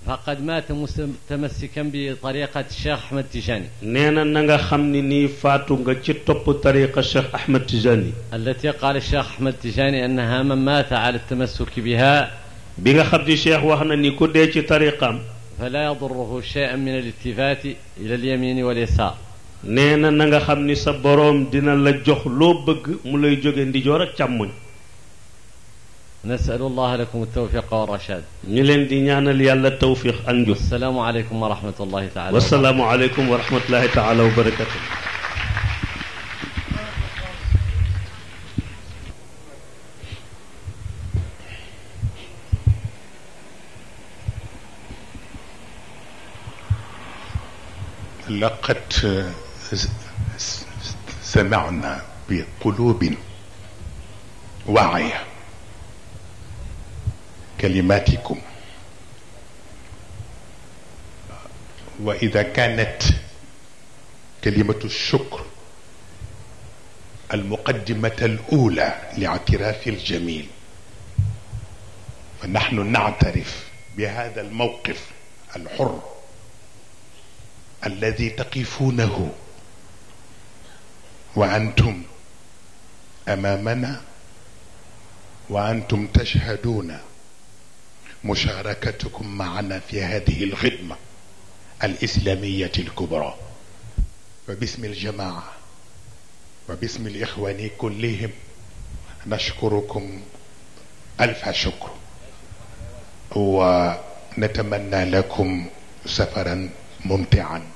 فقد مات متمسكا بطريقة الشيخ أحمد تجاني نينا نغا خمني ني فاتو نغا توب طريقة الشيخ أحمد تجاني التي قال الشيخ أحمد تجاني أنها من مات على التمسك بها بيغا خبدي شيخ واخنا ني كودي شي طريقام فلا يضره شيئا من الالتفات الى اليمين واليسار نينا نغا خمني سا بوروم دينا لا جوخ لو بغ مولاي جوغي نديجور اك تامون نسال الله لكم التوفيق والرشاد نيلن دي نيانال يالا التوفيق انجو السلام عليكم ورحمه الله تعالى والسلام عليكم ورحمه الله تعالى وبركاته لقد سمعنا بقلوب واعية كلماتكم وإذا كانت كلمة الشكر المقدمة الأولى لاعتراف الجميل فنحن نعترف بهذا الموقف الحر الذي تقفونه وأنتم أمامنا وأنتم تشهدون مشاركتكم معنا في هذه الخدمة الإسلامية الكبرى وباسم الجماعة وباسم الإخوان كلهم نشكركم ألف شكر ونتمنى لكم سفرا ممتعا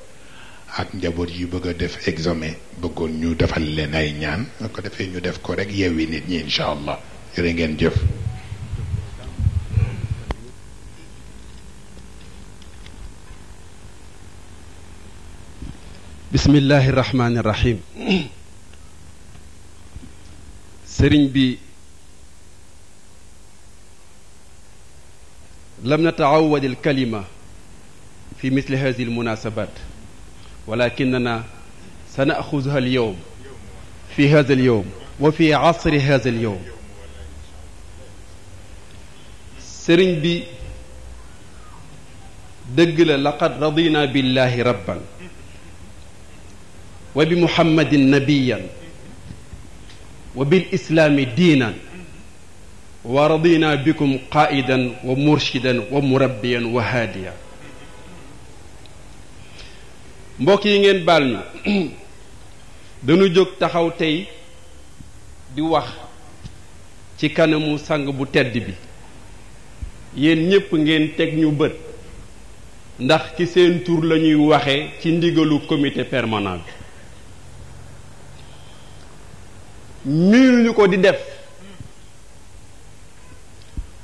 ak njabot yu bëgg a def examen bëggoon ñu defal leen ay ñaan ko defee ñu def ko rek yewi nit ñi incha allah jërë ngeen jëf بسم الله الرحمن الرحيم سرين بي لم نتعود الكلمة في مثل هذه المناسبات ولكننا سنأخذها اليوم في هذا اليوم وفي عصر هذا اليوم سرين بي دقل لقد رضينا بالله ربا وبمحمد نبيا وبالإسلام دينا ورضينا بكم قائدا ومرشدا ومربيا وهاديا mbokk yi ngeen baal ñu (clears throat) dañu jóg taxaw tey di wax ci kanamu sang bu tedd bi yéen ñépp ngeen teg ñu bët ndax ci seen tur lañuy waxe ci ndigalu comité permanent bi miinu ñu ko di def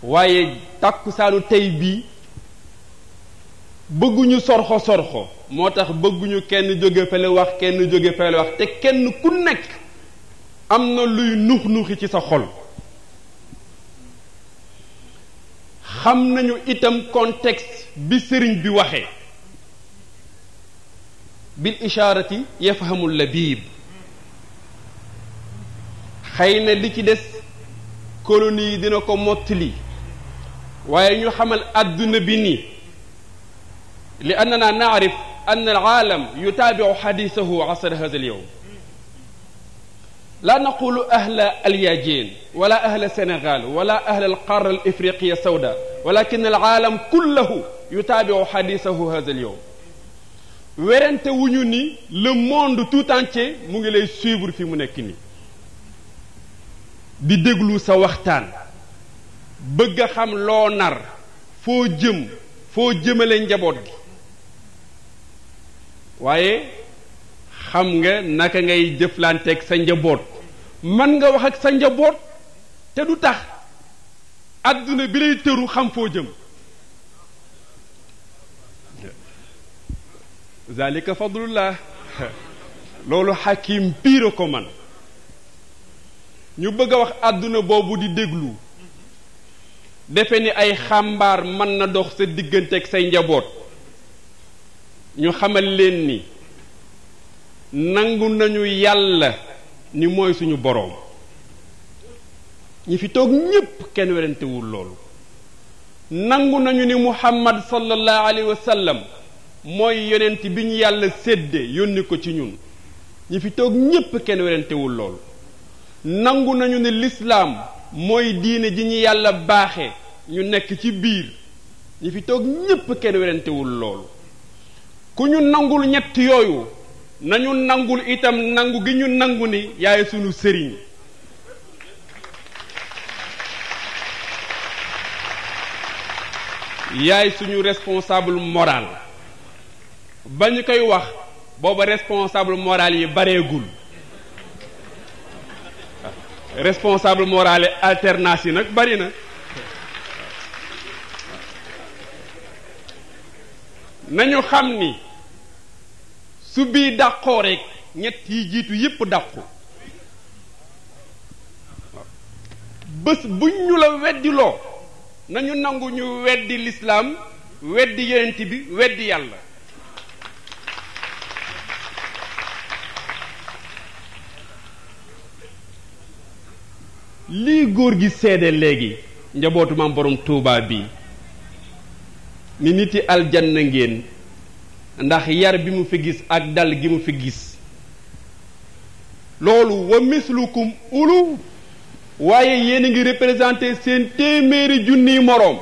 waaye tàkkusaanu tey bii bëgguñu sorxo sorxo moo tax bëgguñu kenn jóge fele wax kenn jóge fele wax te kenn ku nekk am na luy nux nuxi ci sa xol xam nañu itam contexte bi sëriñ bi waxee bil ishaarati yafhamul labib xëy na li ci des colonie yi dina ko mottali waaye ñu xamal àdduna bi nii لأننا نعرف أن العالم يتابع حديثه عصر هذا اليوم لا نقول أهل الياجين ولا أهل السنغال ولا أهل القارة الإفريقية السوداء ولكن العالم كله يتابع حديثه هذا اليوم ورنت ونيوني لموند توتانتي مغلي سيبر في منكني دي lay suivre fi mu nekk ni di déglu sa waxtaan bëgg a waaye xam nga naka ngay jëflanteeg sa njaboot man nga wax ak sa njaboot te du tax adduna bi lay tëru xam foo jëm zalika fadlullah loolu xakim piire ko man ñu bëgg a wax àdduna boobu di déglu defe ni ay xàmbaar mën na dox sa diggante ak say njaboot ñu xamal leen ni nangu nañu yàlla ni mooy suñu boroom ñi fi toog ñépp kenn werantewul loolu nangu nañu ni muhammad sallallahu alayhi wa sallam mooy yonent bi ñu yàlla sédde yónni ko ci ñun ñi fi toog ñépp kenn werantewul loolu nangu nañu ni lislaam mooy diine ji ñu yàlla baaxe ñu nekk ci biir ñi fi toog ñépp kenn werantewul loolu ku ñu nangul ñett yooyu nañu nangul itam nangu gi ñu nangu ni yaay sunu sëriñ yaay suñu responsable moral ba ñu koy wax booba responsable moral yi bareegul responsable morale yi yi nag bari na nañu xam ni su bii dàqoo rek ñett yi jiitu yépp dàqu bés bu ñu la weddiloo nañu nangu ñu weddi lislaam weddi yonent bi weddi yàlla lii góor gi seede léegi njabootu boroom borom bi ni nit niti na ngeen ndax yar bi mu fi gis ak dal gi mu fi gis loolu wa mislukum ulu waaye yéen a ngi représenté seen téeméeri junniy moroom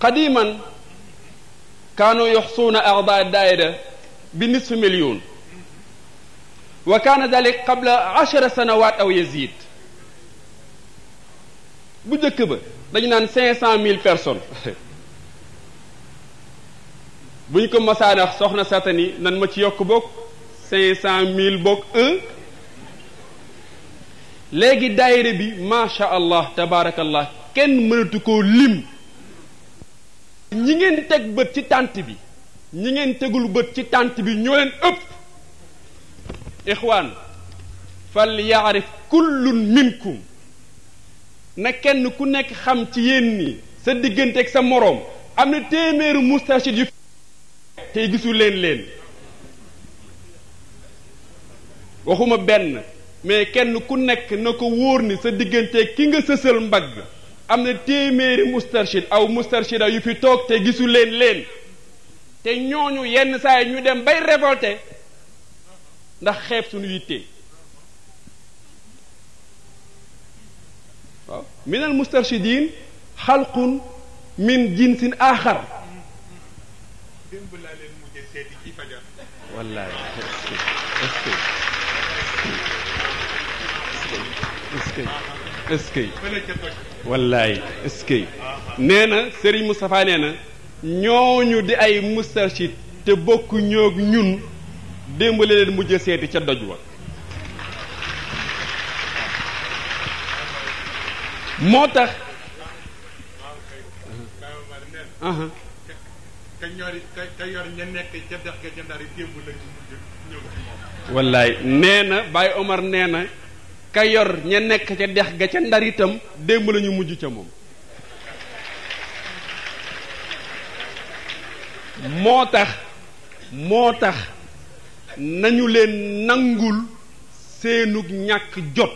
قديما كانوا يحصون أعضاء الدائرة بنصف مليون وكان ذلك قبل عشر سنوات أو يزيد بجكبة دجنان 500 ميل personnes buñ ñu ko masaana soxna satani nan ma ci yokk bokk cinq cent mille bokk un léegi daayira bi macha allah tabaarakallah kenn mënatu koo lim ñi ngeen teg bët ci tànt bi ñi ngeen tegul bët ci tànt bi ñoo leen ëpp ixwaan fal yaarif kullun minkum na kenn ku nekk xam ci yéen ni sa digganteeg sa moroom am na téeméeru moustachid yu tey gisu leen leen waxuma benn mais kenn ku nekk na ko wóor ni sa diggante ki nga sësal mbagg am na téeméeri mustarshid aw mustarshida yu fi toog te gisu leen leen te ñooñu yenn saa yi ñu dem bay révolté ndax xeeb suñu yittee waaw minal mustarshidin xalqun min jinsin aaxar démb laa leen mujj seeti ci na Serigne di ay mustarchid te bokk ñoog ñun démb la leen mujj seeti ca doj wa moo tax ñor ka yor ña nekk wallaay nee na Baye Omar nee na ka ña nekk ca dex ga ca ndar itam démb la mujj ca moom moo tax moo tax nañu leen nangul seenug ñàkk jot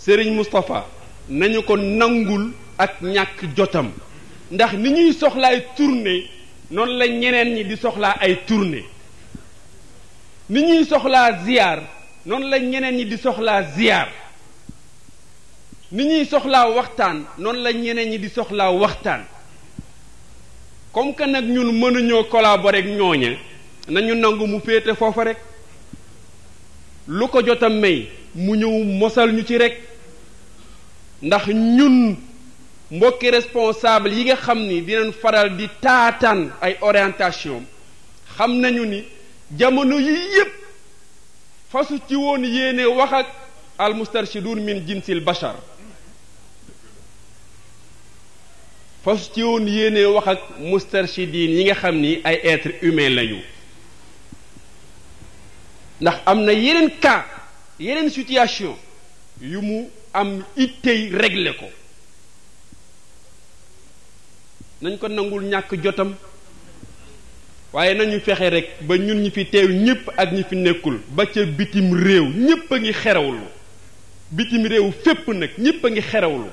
Serigne Mustapha nañu ko nangul ak ñàkk jotam ndax ni ñuy soxlaay tournée noonu la ñeneen ñi di soxlaa ay turné ni ñuy soxlaa ziyaar noonu la ñeneen ñi di soxlaa ziyaar ni ñuy soxlaa waxtaan noonu la ñeneen ñi di soxlaa waxtaan comme que nag ñun mënuñoo collaborer ak ñooña nañu nangu mu féete foofa rek lu ko jotam may mu ñëw mosal ñu ci rek ndax ñun mbokki responsable yi nga xamni dinañ faral di tatane ay orientation xam nañu ni jamono yi yeb fasu ci won yene wax ak al mustarshidun min jinsil bashar fasu ci won yene wax ak mustarshidin yi nga xamni ay être humain lañu ndax amna na yeneen cas yeneen situation yu mu am ittey régler ko nañ ko nangul ñàkk jotam waaye nañu fexe rek ba ñun ñi fi teew ñépp ak ñi fi nekkul ba ca bitim réew ñépp a ngi xerewul bitim réew fépp nag ñépp a ngi xerewlu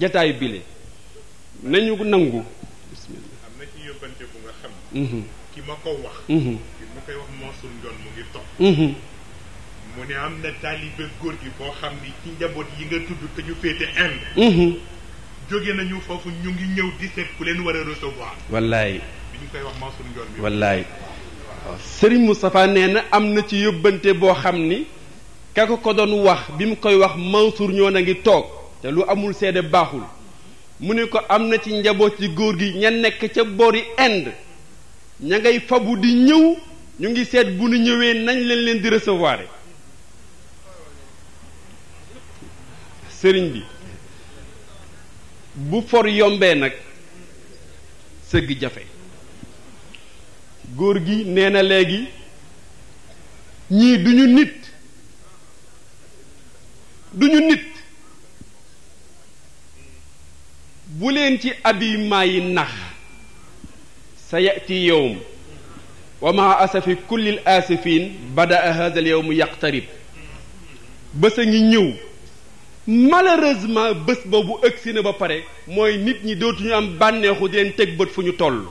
jataay bile nañu nangu bismillah am na ci yóbbante bu mhm. ko wax mhm. ki mhm. mu ne am na taalibe góor gi boo xam ni ci njaboot yi nga tudd te ñu féete Inde jóge nañu foofu ñu ngi ñëw di seet ku leen war a recevoir. wallaay. bi ñu koy na am na ci yóbbante boo xam ni ka ko ko doon wax bi mu koy wax Mansour ñoo a ngi toog te lu amul seede baaxul mu ne ko am na ci njaboot ci góor gi ña nekk ca boori Inde ña ngay fabu di ñëw ñu ngi seet bu nu ñëwee nañ leen leen di recevoir sëriñ bi. bu for yombee nag sëgg jafe góor gi nee na léegi ñii duñu nit duñu nit bu leen ci abima yi nax sa yati yowm wa maa asafi kullil asifin bada hadha al yowm bés a ngi ñëw malheureusement bés boobu ëgsi na ba pare mooy nit ñi dootuñu am bànneexu di leen teg bët fu ñu toll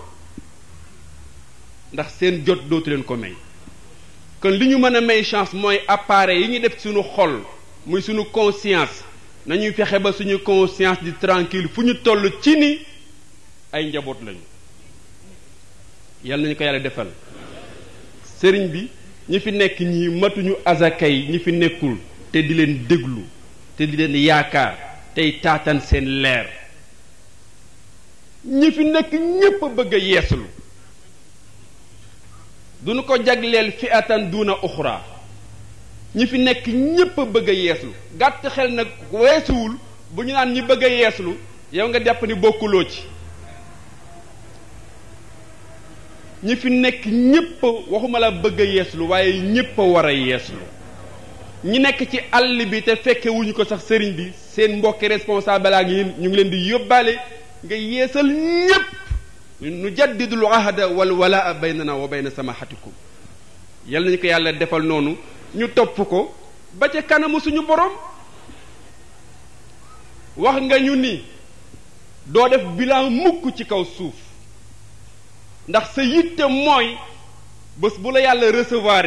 ndax seen jot dootu leen ko may kon li ñu mën a may chance mooy appareil yi ñu def suñu xol muy suñu conscience nañuy fexe ba suñu conscience di tranquille fu ñu toll ci ni ay njaboot lañu yàlla nañu ko yàlla defal sëriñ bi ñi fi nekk ñi matuñu azakay ñi fi nekkul te di leen déglu te di leen yaakaar tey taatan seen leer ñi fi nekk ñépp a bëgg a yeeslu duñu ko jagleel fi atan duuna uxra ñi fi nekk ñépp a bëgg a yeeslu gàtt xel nag weesuwul bu ñu naan ñi bëgg a yeeslu yow nga jàpp ni bokkuloo ci ñi fi nekk ñépp waxuma la bëgg a yeeslu waaye ñépp war a yeeslu ñu nekk ci àll bi te fekkewuñu ko sax sëriñ bi seen mbokki responsable ak yéen ñu ngi leen di yóbbaale nga yeesal ñépp nu jaddidul ahda wal walaa baynana wa bayna samahatikum yal nañu ko yàlla defal noonu ñu topp ko ba ca kanamu suñu borom wax nga ñu ni doo def bilan mukk ci kaw suuf ndax sa yitte mooy bés bu la yàlla recevoir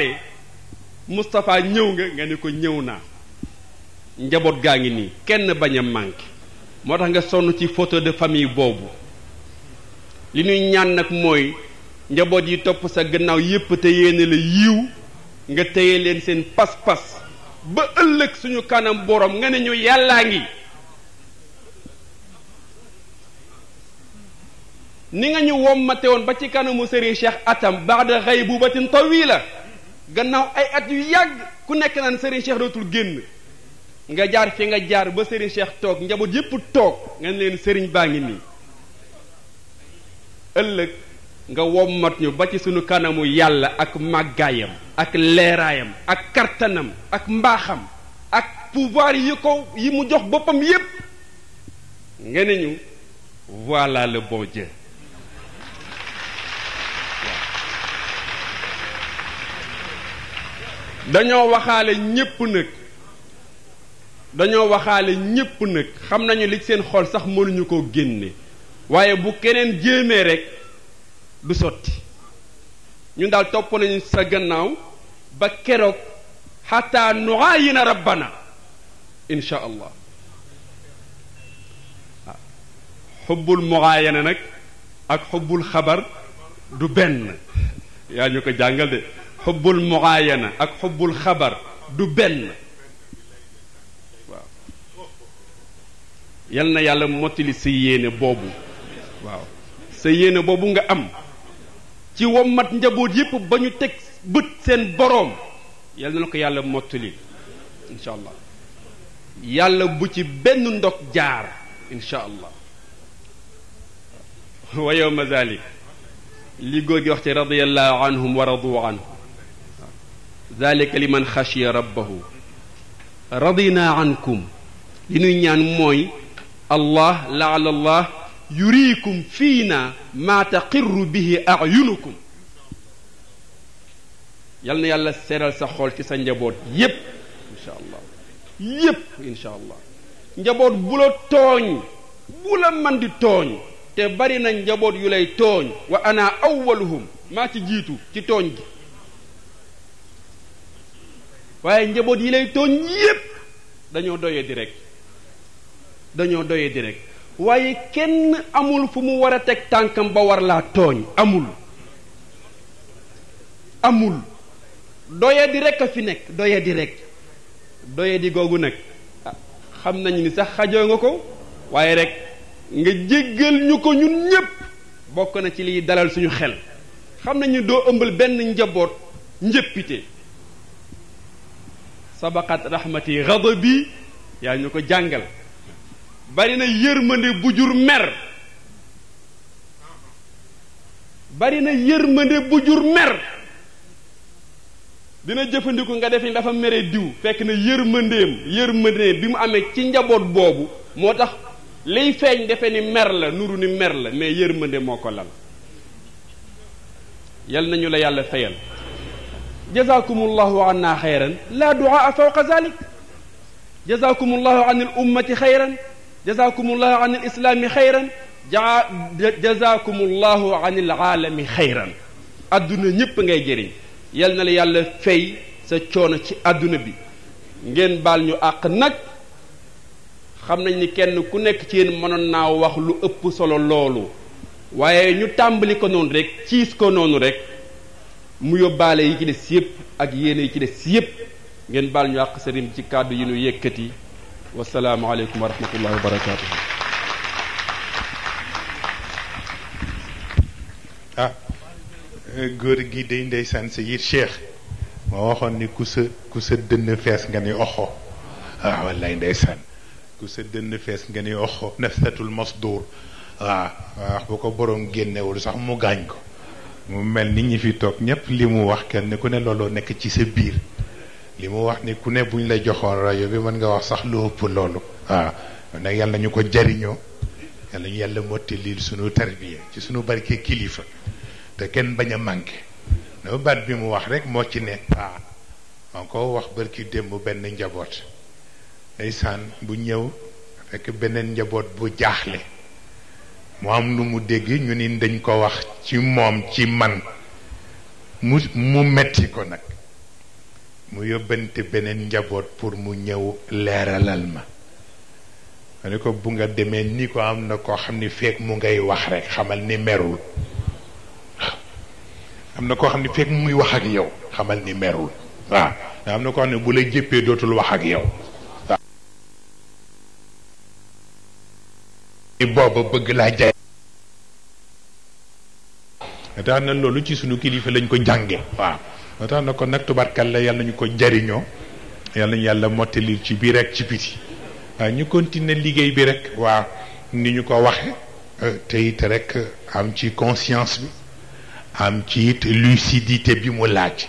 Moustapha ñëw nga nga ne ko ñëw naa njaboot gaa ngi nii kenn bañ a manqué moo tax nga sonn ci photo de famille boobu li ñuy ñaan nag mooy njaboot yi topp sa gannaaw yépp te yéene la yiw nga téye leen seen pas-pas ba ëllëg suñu kanam borom nga ne ñu yàllaa ngi ni nga ñu wommate woon ba ci kanamu Serigne Cheikh Atam baax da xëy bu batin tawi la gannaaw ay at yu yàgg ku nekk naan Serigne Cheikh dootul génn nga jaar fi nga jaar ba Serigne Cheikh toog njaboot yépp toog nga leen Serigne baa ngi nii ëllëg nga wommat ñu ba ci sunu kanamu yàlla ak màggaayam ak leeraayam ak kartanam ak mbaaxam ak pouvoir yi ko yi mu jox boppam yépp nga ne ñu voilà le bon Dieu dañoo waxaale ñépp nag waxaale ñépp nag xam nañu li seen xol sax mënuñu ko génne waaye bu keneen jéemee rek du sotti ñun daal topp nañu sa gannaaw ba keroog xataa nuaayina rabbana insha allah xubbul ah. muaayana nag ak xubbul xabar du benn yaa ñu ko jàngal de xubbul muaayana ak xubbul xabar du benn waaw yal na yàlla mottali sa yéene boobu waaw sa yéene boobu nga am ci wommat njaboot yépp ba ñu teg bët seen boroom yal na ko yàlla mottali incha allah yàlla bu ci benn ndog jaar incha allah wa yowma zalik li góor gi wax ci radiallahu anhum wa radu anhu zalika liman xashiya rabbahu radina ankum li nuy ñaan mooy allah laala allah yuriikum fiina maa taqirru bihi ayunukum yal na yàlla seral sa xool ci sa njaboot yépp incha allah njaboot bu la tooñ bu la man di tooñ te bari na njaboot yu lay tooñ wa ana awaluhum maa ci jiitu ci tooñ gi waaye njaboot yi lay tooñ yépp dañoo doyee di dañoo doyee di waaye kenn amul fu mu war a teg tànkam ba war laa tooñ amul amul doye di a fi nekk doye di rek doye di googu nag ah, xam nañu ni sax xajoo nga ko waaye rekk nga jéggal ñu ko ñun ñépp bokk na ci liy dalal suñu xel xam nañu doo ëmbal benn njaboot njëppite sabaqat rahmati ghadabi yaa ñu ko jàngal bari na yërmande bu jur mer bari na yërmande bu jur mer dina jëfandiku nga def ni dafa mere diw fekk na yërmandeem yërmandeem bi mu amee ci njaboot boobu moo tax liy feeñ defe ni mer la nuru ni mer la mais yërmande moo ko lal yal nañu la yàlla fayal جزاكم الله عنا خيرا لا دعاء فوق ذلك جزاكم الله عن الأمة خيرا جزاكم الله عن الإسلام خيرا جزاكم الله عن العالم خيرا أدنى نيب نغي جيرين يالنا لي يالا في سيكون تشونا سي ادنا بي نين بال ني اق نك خمنا ني كين كو نيك سي مانون نا واخ لو اوب سولو لولو وايي تامبلي كو ريك تيس كو ريك mu yobale yi ci des yep ak yene yi ci des yep ngeen bal ñu ak serim ci kàddu yi ñu yekati wa salaamu alaykum wa rahmatullahi wa barakatuh ah góor gi day ndeysaan sa yit cheikh ma waxon ni ku se ku se deun fess nga ni oxo waaw wallaay ndeysaan ku se deun fess nga ni oxo nafsatul masdur ah wax bu ko borom génnewul sax mu gañ ko mu mel ni ñi fi toog ñëpp li mu wax kenn ku ne looloo nekk ci sa biir li mu wax ni ku ne buñ la joxoon rajo bi mën nga wax sax lu ëpp loolu waaw nag yàlla ñu ko jariñoo yàlla ñu lii suñu sunu tarbiya ci sunu barke kilifa te kenn bañ a manqué na baat bi mu wax rek moo ci ne waaw man ko wax bërki démb benn njaboot ndeysaan bu ñëw fekk beneen njaboot bu jaaxle mu am lu mu dégg ñu ni dañ ko wax ci moom ci man mu mu metti ko nag mu yóbbante beneen njaboot pour mu ñëw leeralal ma ma ne ko bu nga demee ni ko am na koo xam ni feek mu ngay wax rek xamal ni merul am na koo xam ne mu muy wax ak yow xamal ni merul waaw am na koo xam ne bu la jëppee dootul wax ak yow ci booba bëgg laa jaay tax na loolu ci suñu kilifa lañ ko jànge waaw tax na ko nag tubarkal la yàlla ñu ko jariñoo yàlla ñu yàlla mottali ci biir rek ci biti ñu continuer liggéey bi rek waa ni ñu ko waxe euh, te it rek am ci conscience bi am ci it lucidité bi mu laaj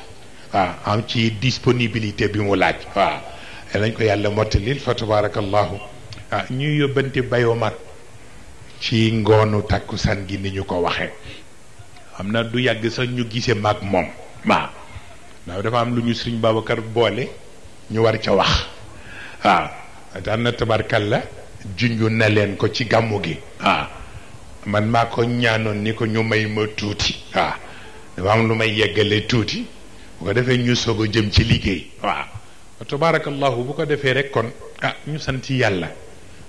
waaw am ci disponibilité bi mu laaj waaw ko yàlla mottalil fa tabarakallahu ah ñuy yóbbante bayomar ci ngoonu takkusaan gi ni ñu ko waxee am na du yàgg sax ñu gisee maag moom waaw ndax dafa am lu ñu sëriñ Babacar boole ñu war ca wax waaw ah, daan na tabarkal la junju na leen ko ci gàmmu gi waaw ah, man maa ko ñaanoon ni ko ñu may ma tuuti waaw ah, dafa am lu may yeggale tuuti bu ko defee ñu soog a jëm ci liggéey waaw tabaarakallahu bu ko defee rek kon ah ñu sant yàlla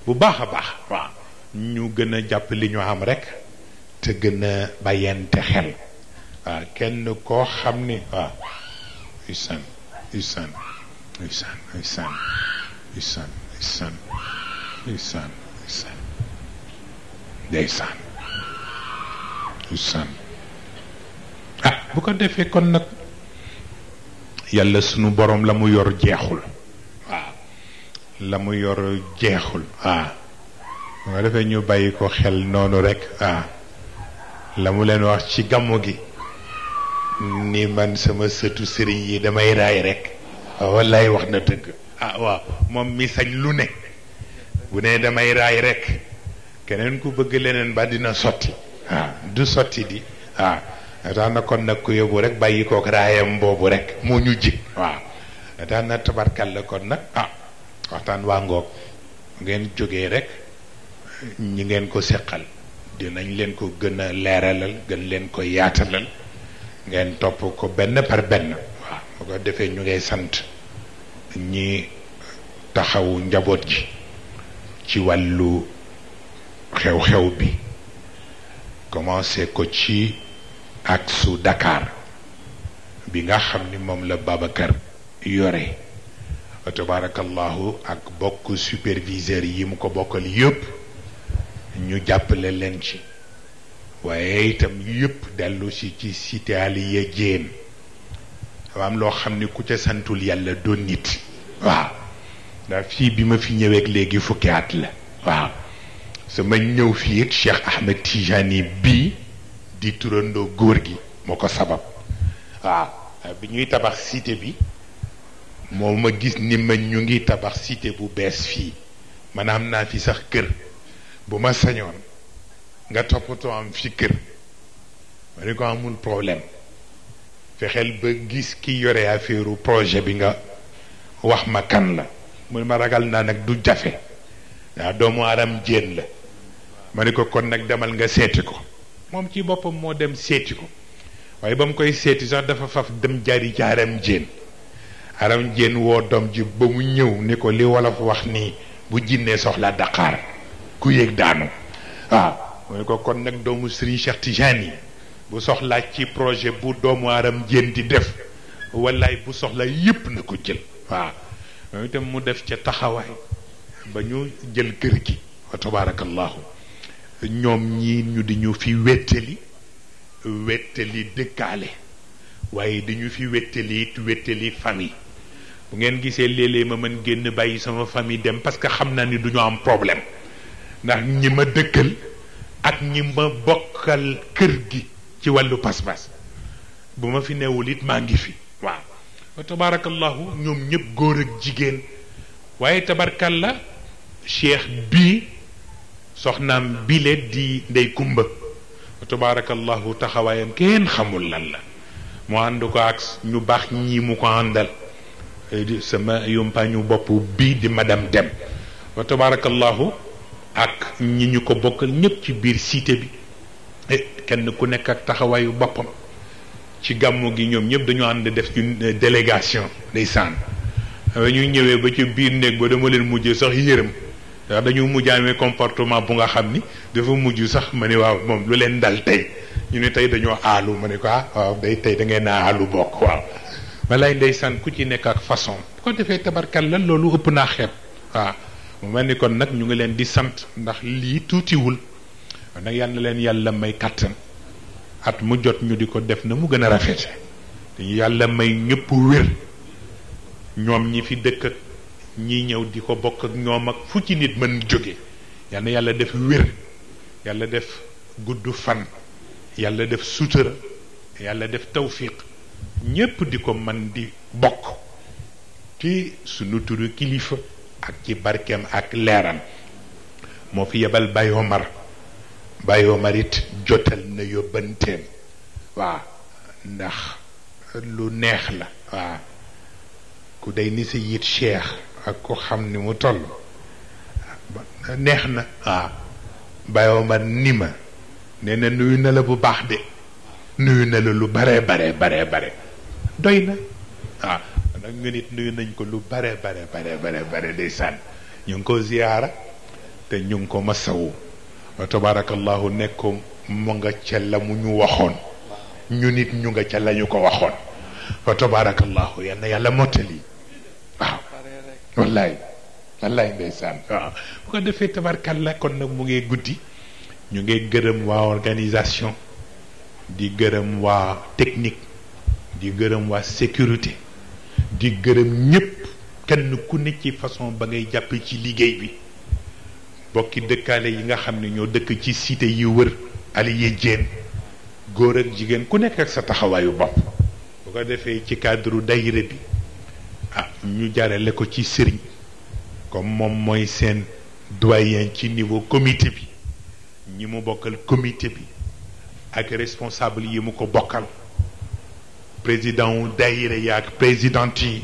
bu baax a baax waaw ñu gën a jàpp li ñu am rek te gën a bàyyante xel waaw kenn koo xam ni waaw isan isan isan isan isan isan isan isan ndeysaan isan ah bu ko defee kon nag yàlla sunu borom la mu yor jeexul waaw la mu yor jeexul waaw moo defee ñu bàyyi ko xel noonu rek ah la mu leen wax ci gàmmu gi ni man sama sëtu sëriñ yi damay raay rek ah, wallaay wax na dëgg ah waaw moom mi sañ lu nekk bu ne damay raay rek keneen ku bëgg leneen ba dina sotti ah du sotti di ah tax na kon nag ku yóbbu rek bàyyi kook raayam boobu rek moo ñu jig waaw tax na tabarkal la kon nag ah waxtaan waa ngeen jógee rek ñi ngeen ko seqal dinañ leen ko gën a leeralal gën leen ko yaatalal ngeen topp ko benn par benn waaw bu ko defee ñu ngay sant ñi taxawu njaboot ji ci wàllu xew-xew bi commencé ko ci ak su Dakar bi nga xam ni moom la Babacar yore tabaarakallahu ak bokk superviseur yi mu ko bokkal yépp ñu jàppale leen ci waaye itam yépp dellu si ci cité Aliya Jéen am loo xam ni ku ca santul yàlla doon nit waaw ndax fii bi ma fi ñëweek léegi fukki at la waaw sama ñëw fii it Cheikh Ahmed Tijani bii di turandoo góor gi moo ko sabab waaw bi ñuy tabax cité bi moo ma gis ni ma ñu ngi tabax cité bu bees fii man am naa fi sax kër bu ma sañoon nga toppatoo am fi kër ma ni ko amul problème fexeel ba gis ki yore affaire projet bi nga wax ma kan la mu ma ragal naa nag du jafe daa doomu aram jéen la ma ni ko kon nag demal nga seeti ko moom ci boppam moo dem seeti ko waaye ba mu koy seeti sax dafa faf dem jaari ci aram jéen aram woo doom ji ba mu ñëw ni ko li wolof wax nii bu jinnee soxla daqaar ku yéeg daanu waaw ah. mu ko kon nag doomu Serigne Cheikh yi bu soxlaa ci projet bu doomu aram jéen di def wallaay bu soxla yépp na ko jël waaw ah. moom itam mu def ca taxawaay ba ñu jël kër gi wa tabarakallahu ñoom ñii ñu di ñu fi wettali wettali dëkkaale waaye dañu fi wettali it wettali famille bu ngeen gisee léeg ma mën génn bàyyi sama famille dem parce que xam naa ni du ñu am problème ndax ñi ma dëkkal ak ñi ma bokkal kër gi ci walu pas pas-pas bu ma fi newul it maa ngi fi waaw wa tabarakallahu ñoom ñëpp góor ak jigéen waaye tabarkalla cheikh bii soxnaam bile di ndey kumba wa tabarakallahu taxawaayam kenn xamul lan la mu ànd ko ak ñu baax ñi mu ko àndal sama yompaañu bopp bii di madame dem wa tabarakallahu ak ñi ñu ko bokkal ñëpp ci biir cité bi eh, kenn ku nekk ak taxawaayu boppam ci gàmmu gi ñoom ñëpp dañoo ànd def une euh, délégation ndeysaan waaye ñu ñëwee ba ci biir néeg ba dama leen mujjee sax yërëm ndax dañu mujj amee comportement bu nga xam ni dafa mujj sax ma ne waaw moom lu leen dal tey ñu ne tey dañoo aalu ma ne ko ah waaw day tey da ngeen a aalu bokk waaw walaay ndeysaan ku ci nekk ak façon bu ko defee tabarkal la loolu ëpp naa xeeb waaw mu mel ni kon nag ñu ngi leen di sant ndax lii tuutiwul nag yal leen yàlla may kàttan at mu jot ñu di ko def na mu gën a rafete yàlla may ñëpp wér ñoom ñi fi dëkk ñi ñëw di ko bokk ak ñoom ak fu ci nit mën jóge yal yàlla def wér yàlla def gudd fan yàlla def sutura yàlla def tawfiq ñëpp di ko man di bokk ci sunu turu kilifa ak ci barkeem ak leeram mo fi yebal bayo mar bayo marit it jotal na yobantem wa ndax lu neex la wa ku day ni se yit cheikh ak ko xamni mu toll neex na waaw Baye Omar ni ma nuyu na la bu bax de nuyu na la lu bare bare bare bare doyna na nag nga nit nuyu nañ ko lu bare bare bare bare bare ndeysaan ñu ngi ko ziyaara te ñu ngi ko masawu wa tabaarakallahu nekk mu nga ca la mu ñu waxoon ñu nit ñu nga ca lañu ko waxoon wa tabaarakallahu yal na yàlla mottali waaw wallaay wallaay ndeysaan waaw bu ko defee tabarkalla kon nag mu ngi guddi ñu ngi gërëm waa organisation di gërëm waa technique di gërëm waa sécurité di gërëm ñëpp kenn ku ne ci façon ba ngay jàppe ci liggéey bi bokki dëkkaale yi nga xam ne ñoo dëkk ci cité yi wër Aliou Diène góor ak jigéen ku nekk ak sa taxawaayu bopp bu ko defee ci cadre dayire bi ah ñu jaarale ko ci sëriñ comme moom mooy seen doyen ci niveau comité bi ñi mu bokkal comité bi ak responsable yi mu ko bokkal président wu daayira yaag présidente yi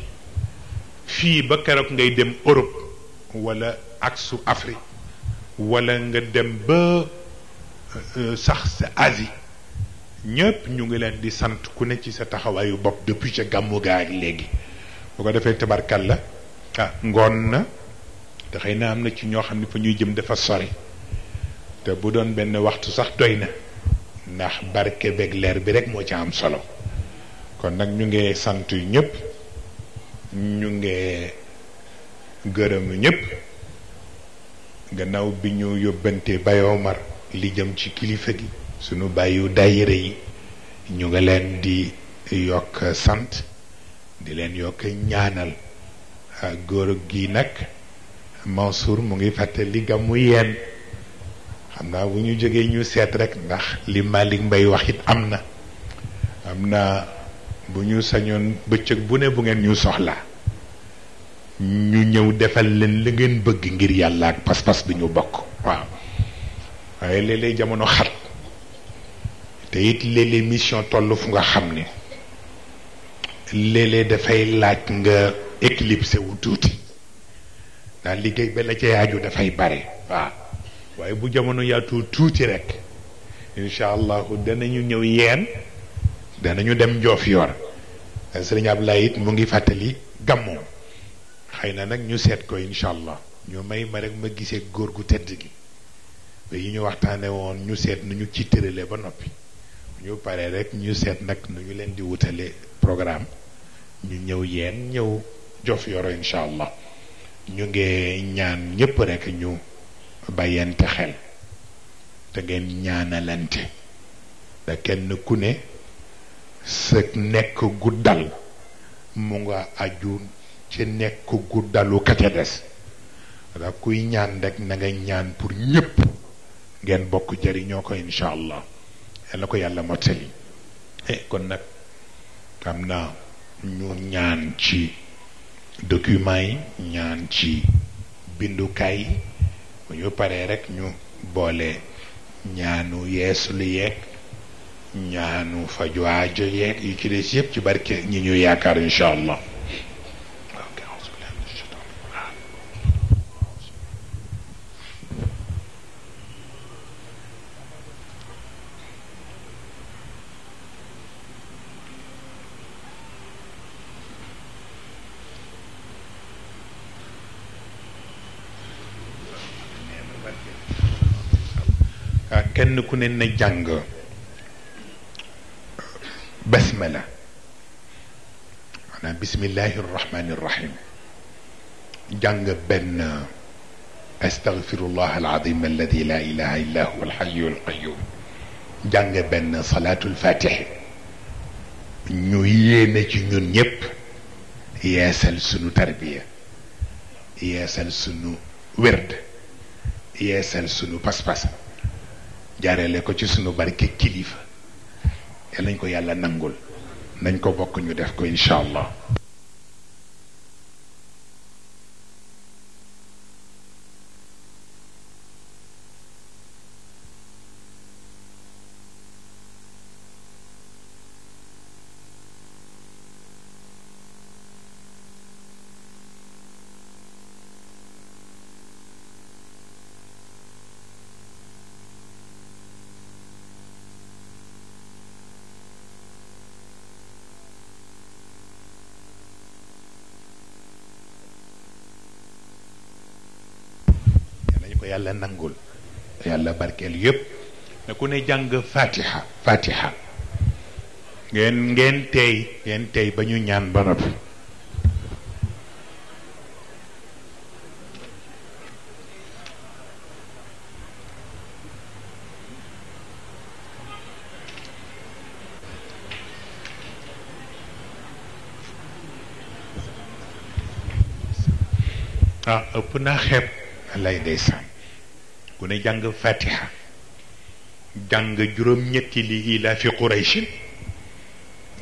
fii ba keroog ngay dem Europe wala aksu Afrique wala nga dem ba euh, sax sa Asie ñëpp ñu ngi leen di sant ku ne ci sa taxawaayu bopp depuis ca gàmmu gaa ak léegi bu ko defee tabarkal la ah ngoon na te xëy na am na ci ñoo xam ne fa ñuy jëm dafa sori te bu doon benn waxtu sax doy na ndax barke leer bi rek moo ca am solo kon nag ñu ngi sant yu ñépp ñu ngi gërëm ñépp gannaaw bi ñu yóbbante bayomar li jëm ci kilifa gi sunu bàyyu daayira yi ñu nga leen di yokk sant di leen yokk ñaanal góor gi nag Mansour mu ngi fàttali gamu yeen xam naa bu ñu jógee ñu seet rek ndax li malik mbay waxit am na am na bu ñu sañoon bëccëg bu ne bu ngeen ñu soxla ñu ñëw defal leen la ngeen bëgg ngir yàlla ak pas-pas bi ñu bokk waaw waaye léeg jamono xat te it léeg mission toll fu nga xam ne léeg dafay laaj nga éclipsé wu tuuti ndax liggéey ba la ca yaaju dafay bare waaw waaye bu jamono yaatu tuuti rek incha allahu danañu ñëw yeen danañu dem njoof yor sëriñ Ablaye it mu ngi fàttali gàmmoom xëy na nag ñu seet ko incha allah ñu may ma rek ma gisee góor gu tedd gi ba yi ñu waxtaane woon ñu seet nu ñu ci tërale ba noppi ñu pare rek ñu seet nag nu ñu leen di wutale programme ñu ñëw yeen ñëw jof yoro allah ñu ngi ñaan ñépp rek ñu bàyyente xel te ngeen ñaanalante da kenn ku ne sa nekk gu dal mu nga aju ci nekk gu dalu ka ca des da kuy ñaan rek na nga ñaan pour ñëpp ngeen bokk jëriñoo ko incha allah yàlla ko yàlla mottali eh kon nag xam naa ñu ñaan ci document yi ñaan ci bindukaay yi bu ñu paree rek ñu boole ñaanu yeesu lu yeeg ñaanu faju aajo yeeg yi ci des yëpp ci barke ñi ñu yaakaar incha allah kenn ku ne na jàng بسملة أنا بسم الله الرحمن الرحيم جنگ بن أستغفر الله العظيم الذي لا إله إلا هو الحي القيوم جنگ بن صلاة الفاتح نوية نجن يب يا سنو تربية يا سنو ورد يا سنو بس بس جاري لكو سنو بركة كليفة yal nañ ko yàlla nangul nañ ko bokk ñu def ko incha allah yàlla nangul yàlla barkeel yépp ne ku ne jàng fatiha fatiha ngeen ngeen tey ngeen tey ba ñu ñaan ba noppi ah ëpp naa xeeb lay ndeysaan كوني جانغ فاتحة جانغ جروم نيتي لي إلا في قريش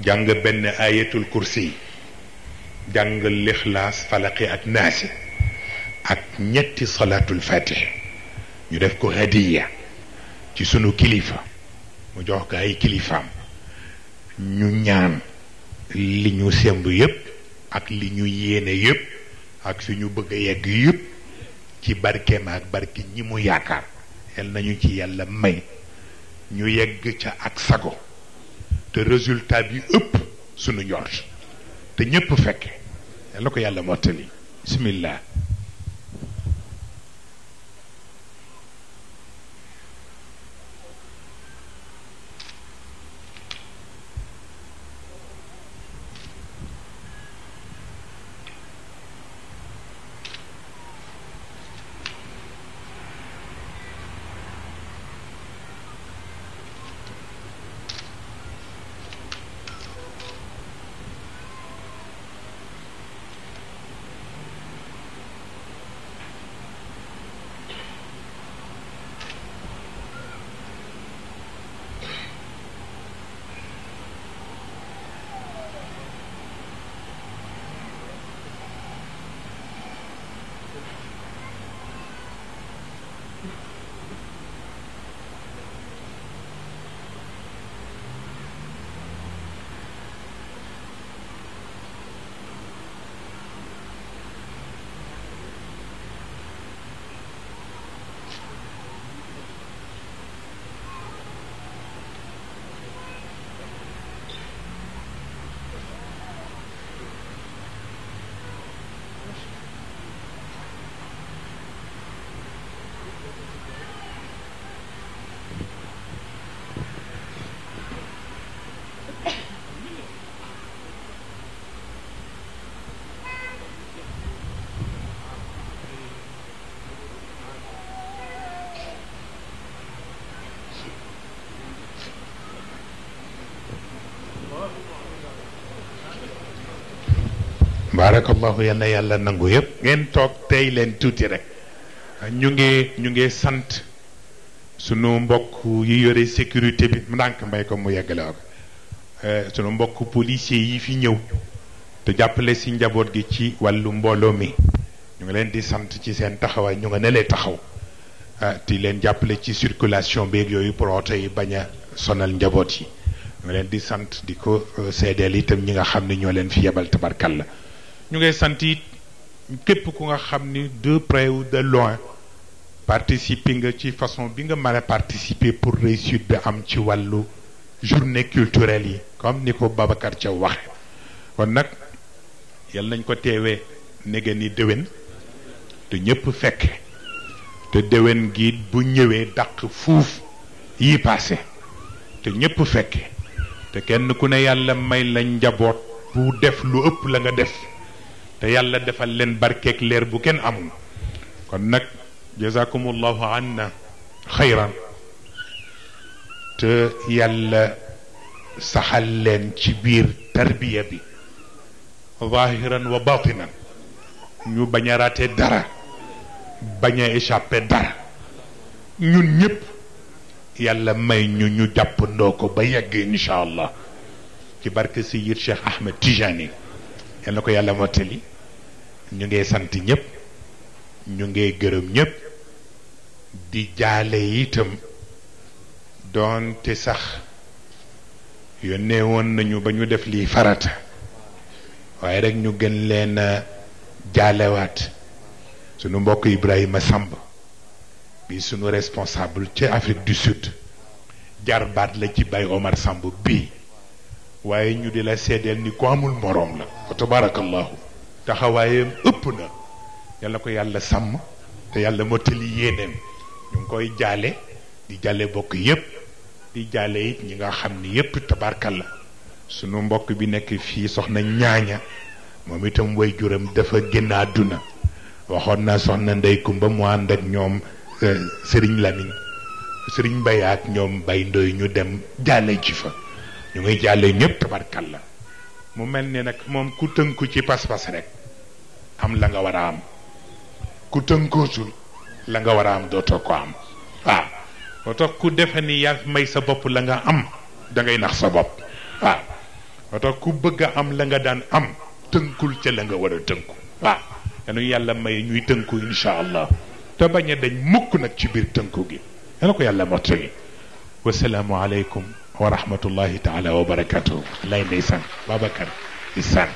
جانغ بن آية الكرسي جانغ الإخلاص فلقي أتناس أك نيتي صلاة الفاتحة يدفكو هدية تي سنو كليفة مجوحك أي كليفة نيان li ñu semb yépp ak li ñu yéene yépp ak suñu bëgg yegg yépp ci barke ma ak barke ñi mu yaakaar yal nañu ci yàlla may ñu yegg ca ak sago te résultat bi ëpp sunu njort te ñépp fekke yal na ko yàlla mottali bismillah baarakallahu yenn na yàlla nangu yëpp ngeen toog tey leen tuuti rek ñu ngi ñu ngi sant sunu mbokk yi yore sécurité bi mu ndànk may ko mu yegg yeggale ko eh, sunu mbokk policier yi fi ñëw te jàppale si njaboot gi ci wàllu mbooloo mi ñu ngi leen di sant ci seen taxawaay ñu nga ne lee taxaw eh, di leen jàppale ci circulation beeg yooyu pour oto yi bañ a sonal njaboot yi ñu ngi leen di sant di ko eh, seedeel itam ñi nga xam ne ñoo leen fi yebal tabarkal la ñu ngay sant it képp ku nga de près ou de loin participer nga ci façon bi nga mën participer pour réussir de am ci journée culturelle yi comme nico babakar Babacar Thiaw waxe kon nag yal nañ ko teewee nege ni te ñëpp fekke te dewen gi bu ñëwé dàq fouf yi passé te ñëpp fekke te kenn ku ne yalla may la njaboot bu def lu ëpp la nga def te yàlla defal len barke ak leer bu ken amul kon nak jazakumullahu anna xayran te yàlla saxal len ci bir tarbiya bi zahiran wa batinan ñu baña raté dara baña échapper dara ñun ñep yàlla may ñu ñu japp ndoko ba yegg inshallah ci barke sayyid Cheikh Ahmed Tijani yal ko yàlla mottali ñu ngi sant ñëpp ñu ngi gërëm ñëpp di jaale itam doonte sax yónnee woon nañu ba ñu def lii farata waaye rekk ñu gën leen a jaalewaat sunu mbokk Ibrahima Samb bi sunu responsable ci Afrique du Sud jarbaat la ci Baye Omar Samb bii waaye ñu di la seedeel ni ku amul moroom la wa tabarakallahu ëpp na yal na ko yàlla sàmm te yàlla mottali yéeneem ñu ngi koy jaale di jaale bokk yépp di jaale it ñi nga xam ni yépp la sunu mbokk bi nekk fii soxna ñaaña moom itam way juram dafa génn àdduna waxoon naa soxna ndey kumba mu ànd ak ñoom eh, sëriñ Lamine sëriñ Mbaye ak ñoom Mbaye Ndoye ñu dem jaale ci fa ñu ngi jàlle ñëpp la mu mel ni nag moom ku tënku ci pas-pas am la nga war a am ku tënkootul la nga war a am dootoo ko am waaw moo ku defe ni may sa bopp la nga am da ngay nax sa bopp waaw moo ku bëgg am la nga daan am tënkul ca la nga war a tënku waaw yanu yàlla may ñuy tënku incha allah te bañ a dañ mukk nag ci biir tënku gi yàlla ko yàlla mottali wasalaamu aleykum ورحمه الله تعالى وبركاته الله يديسان بابا كان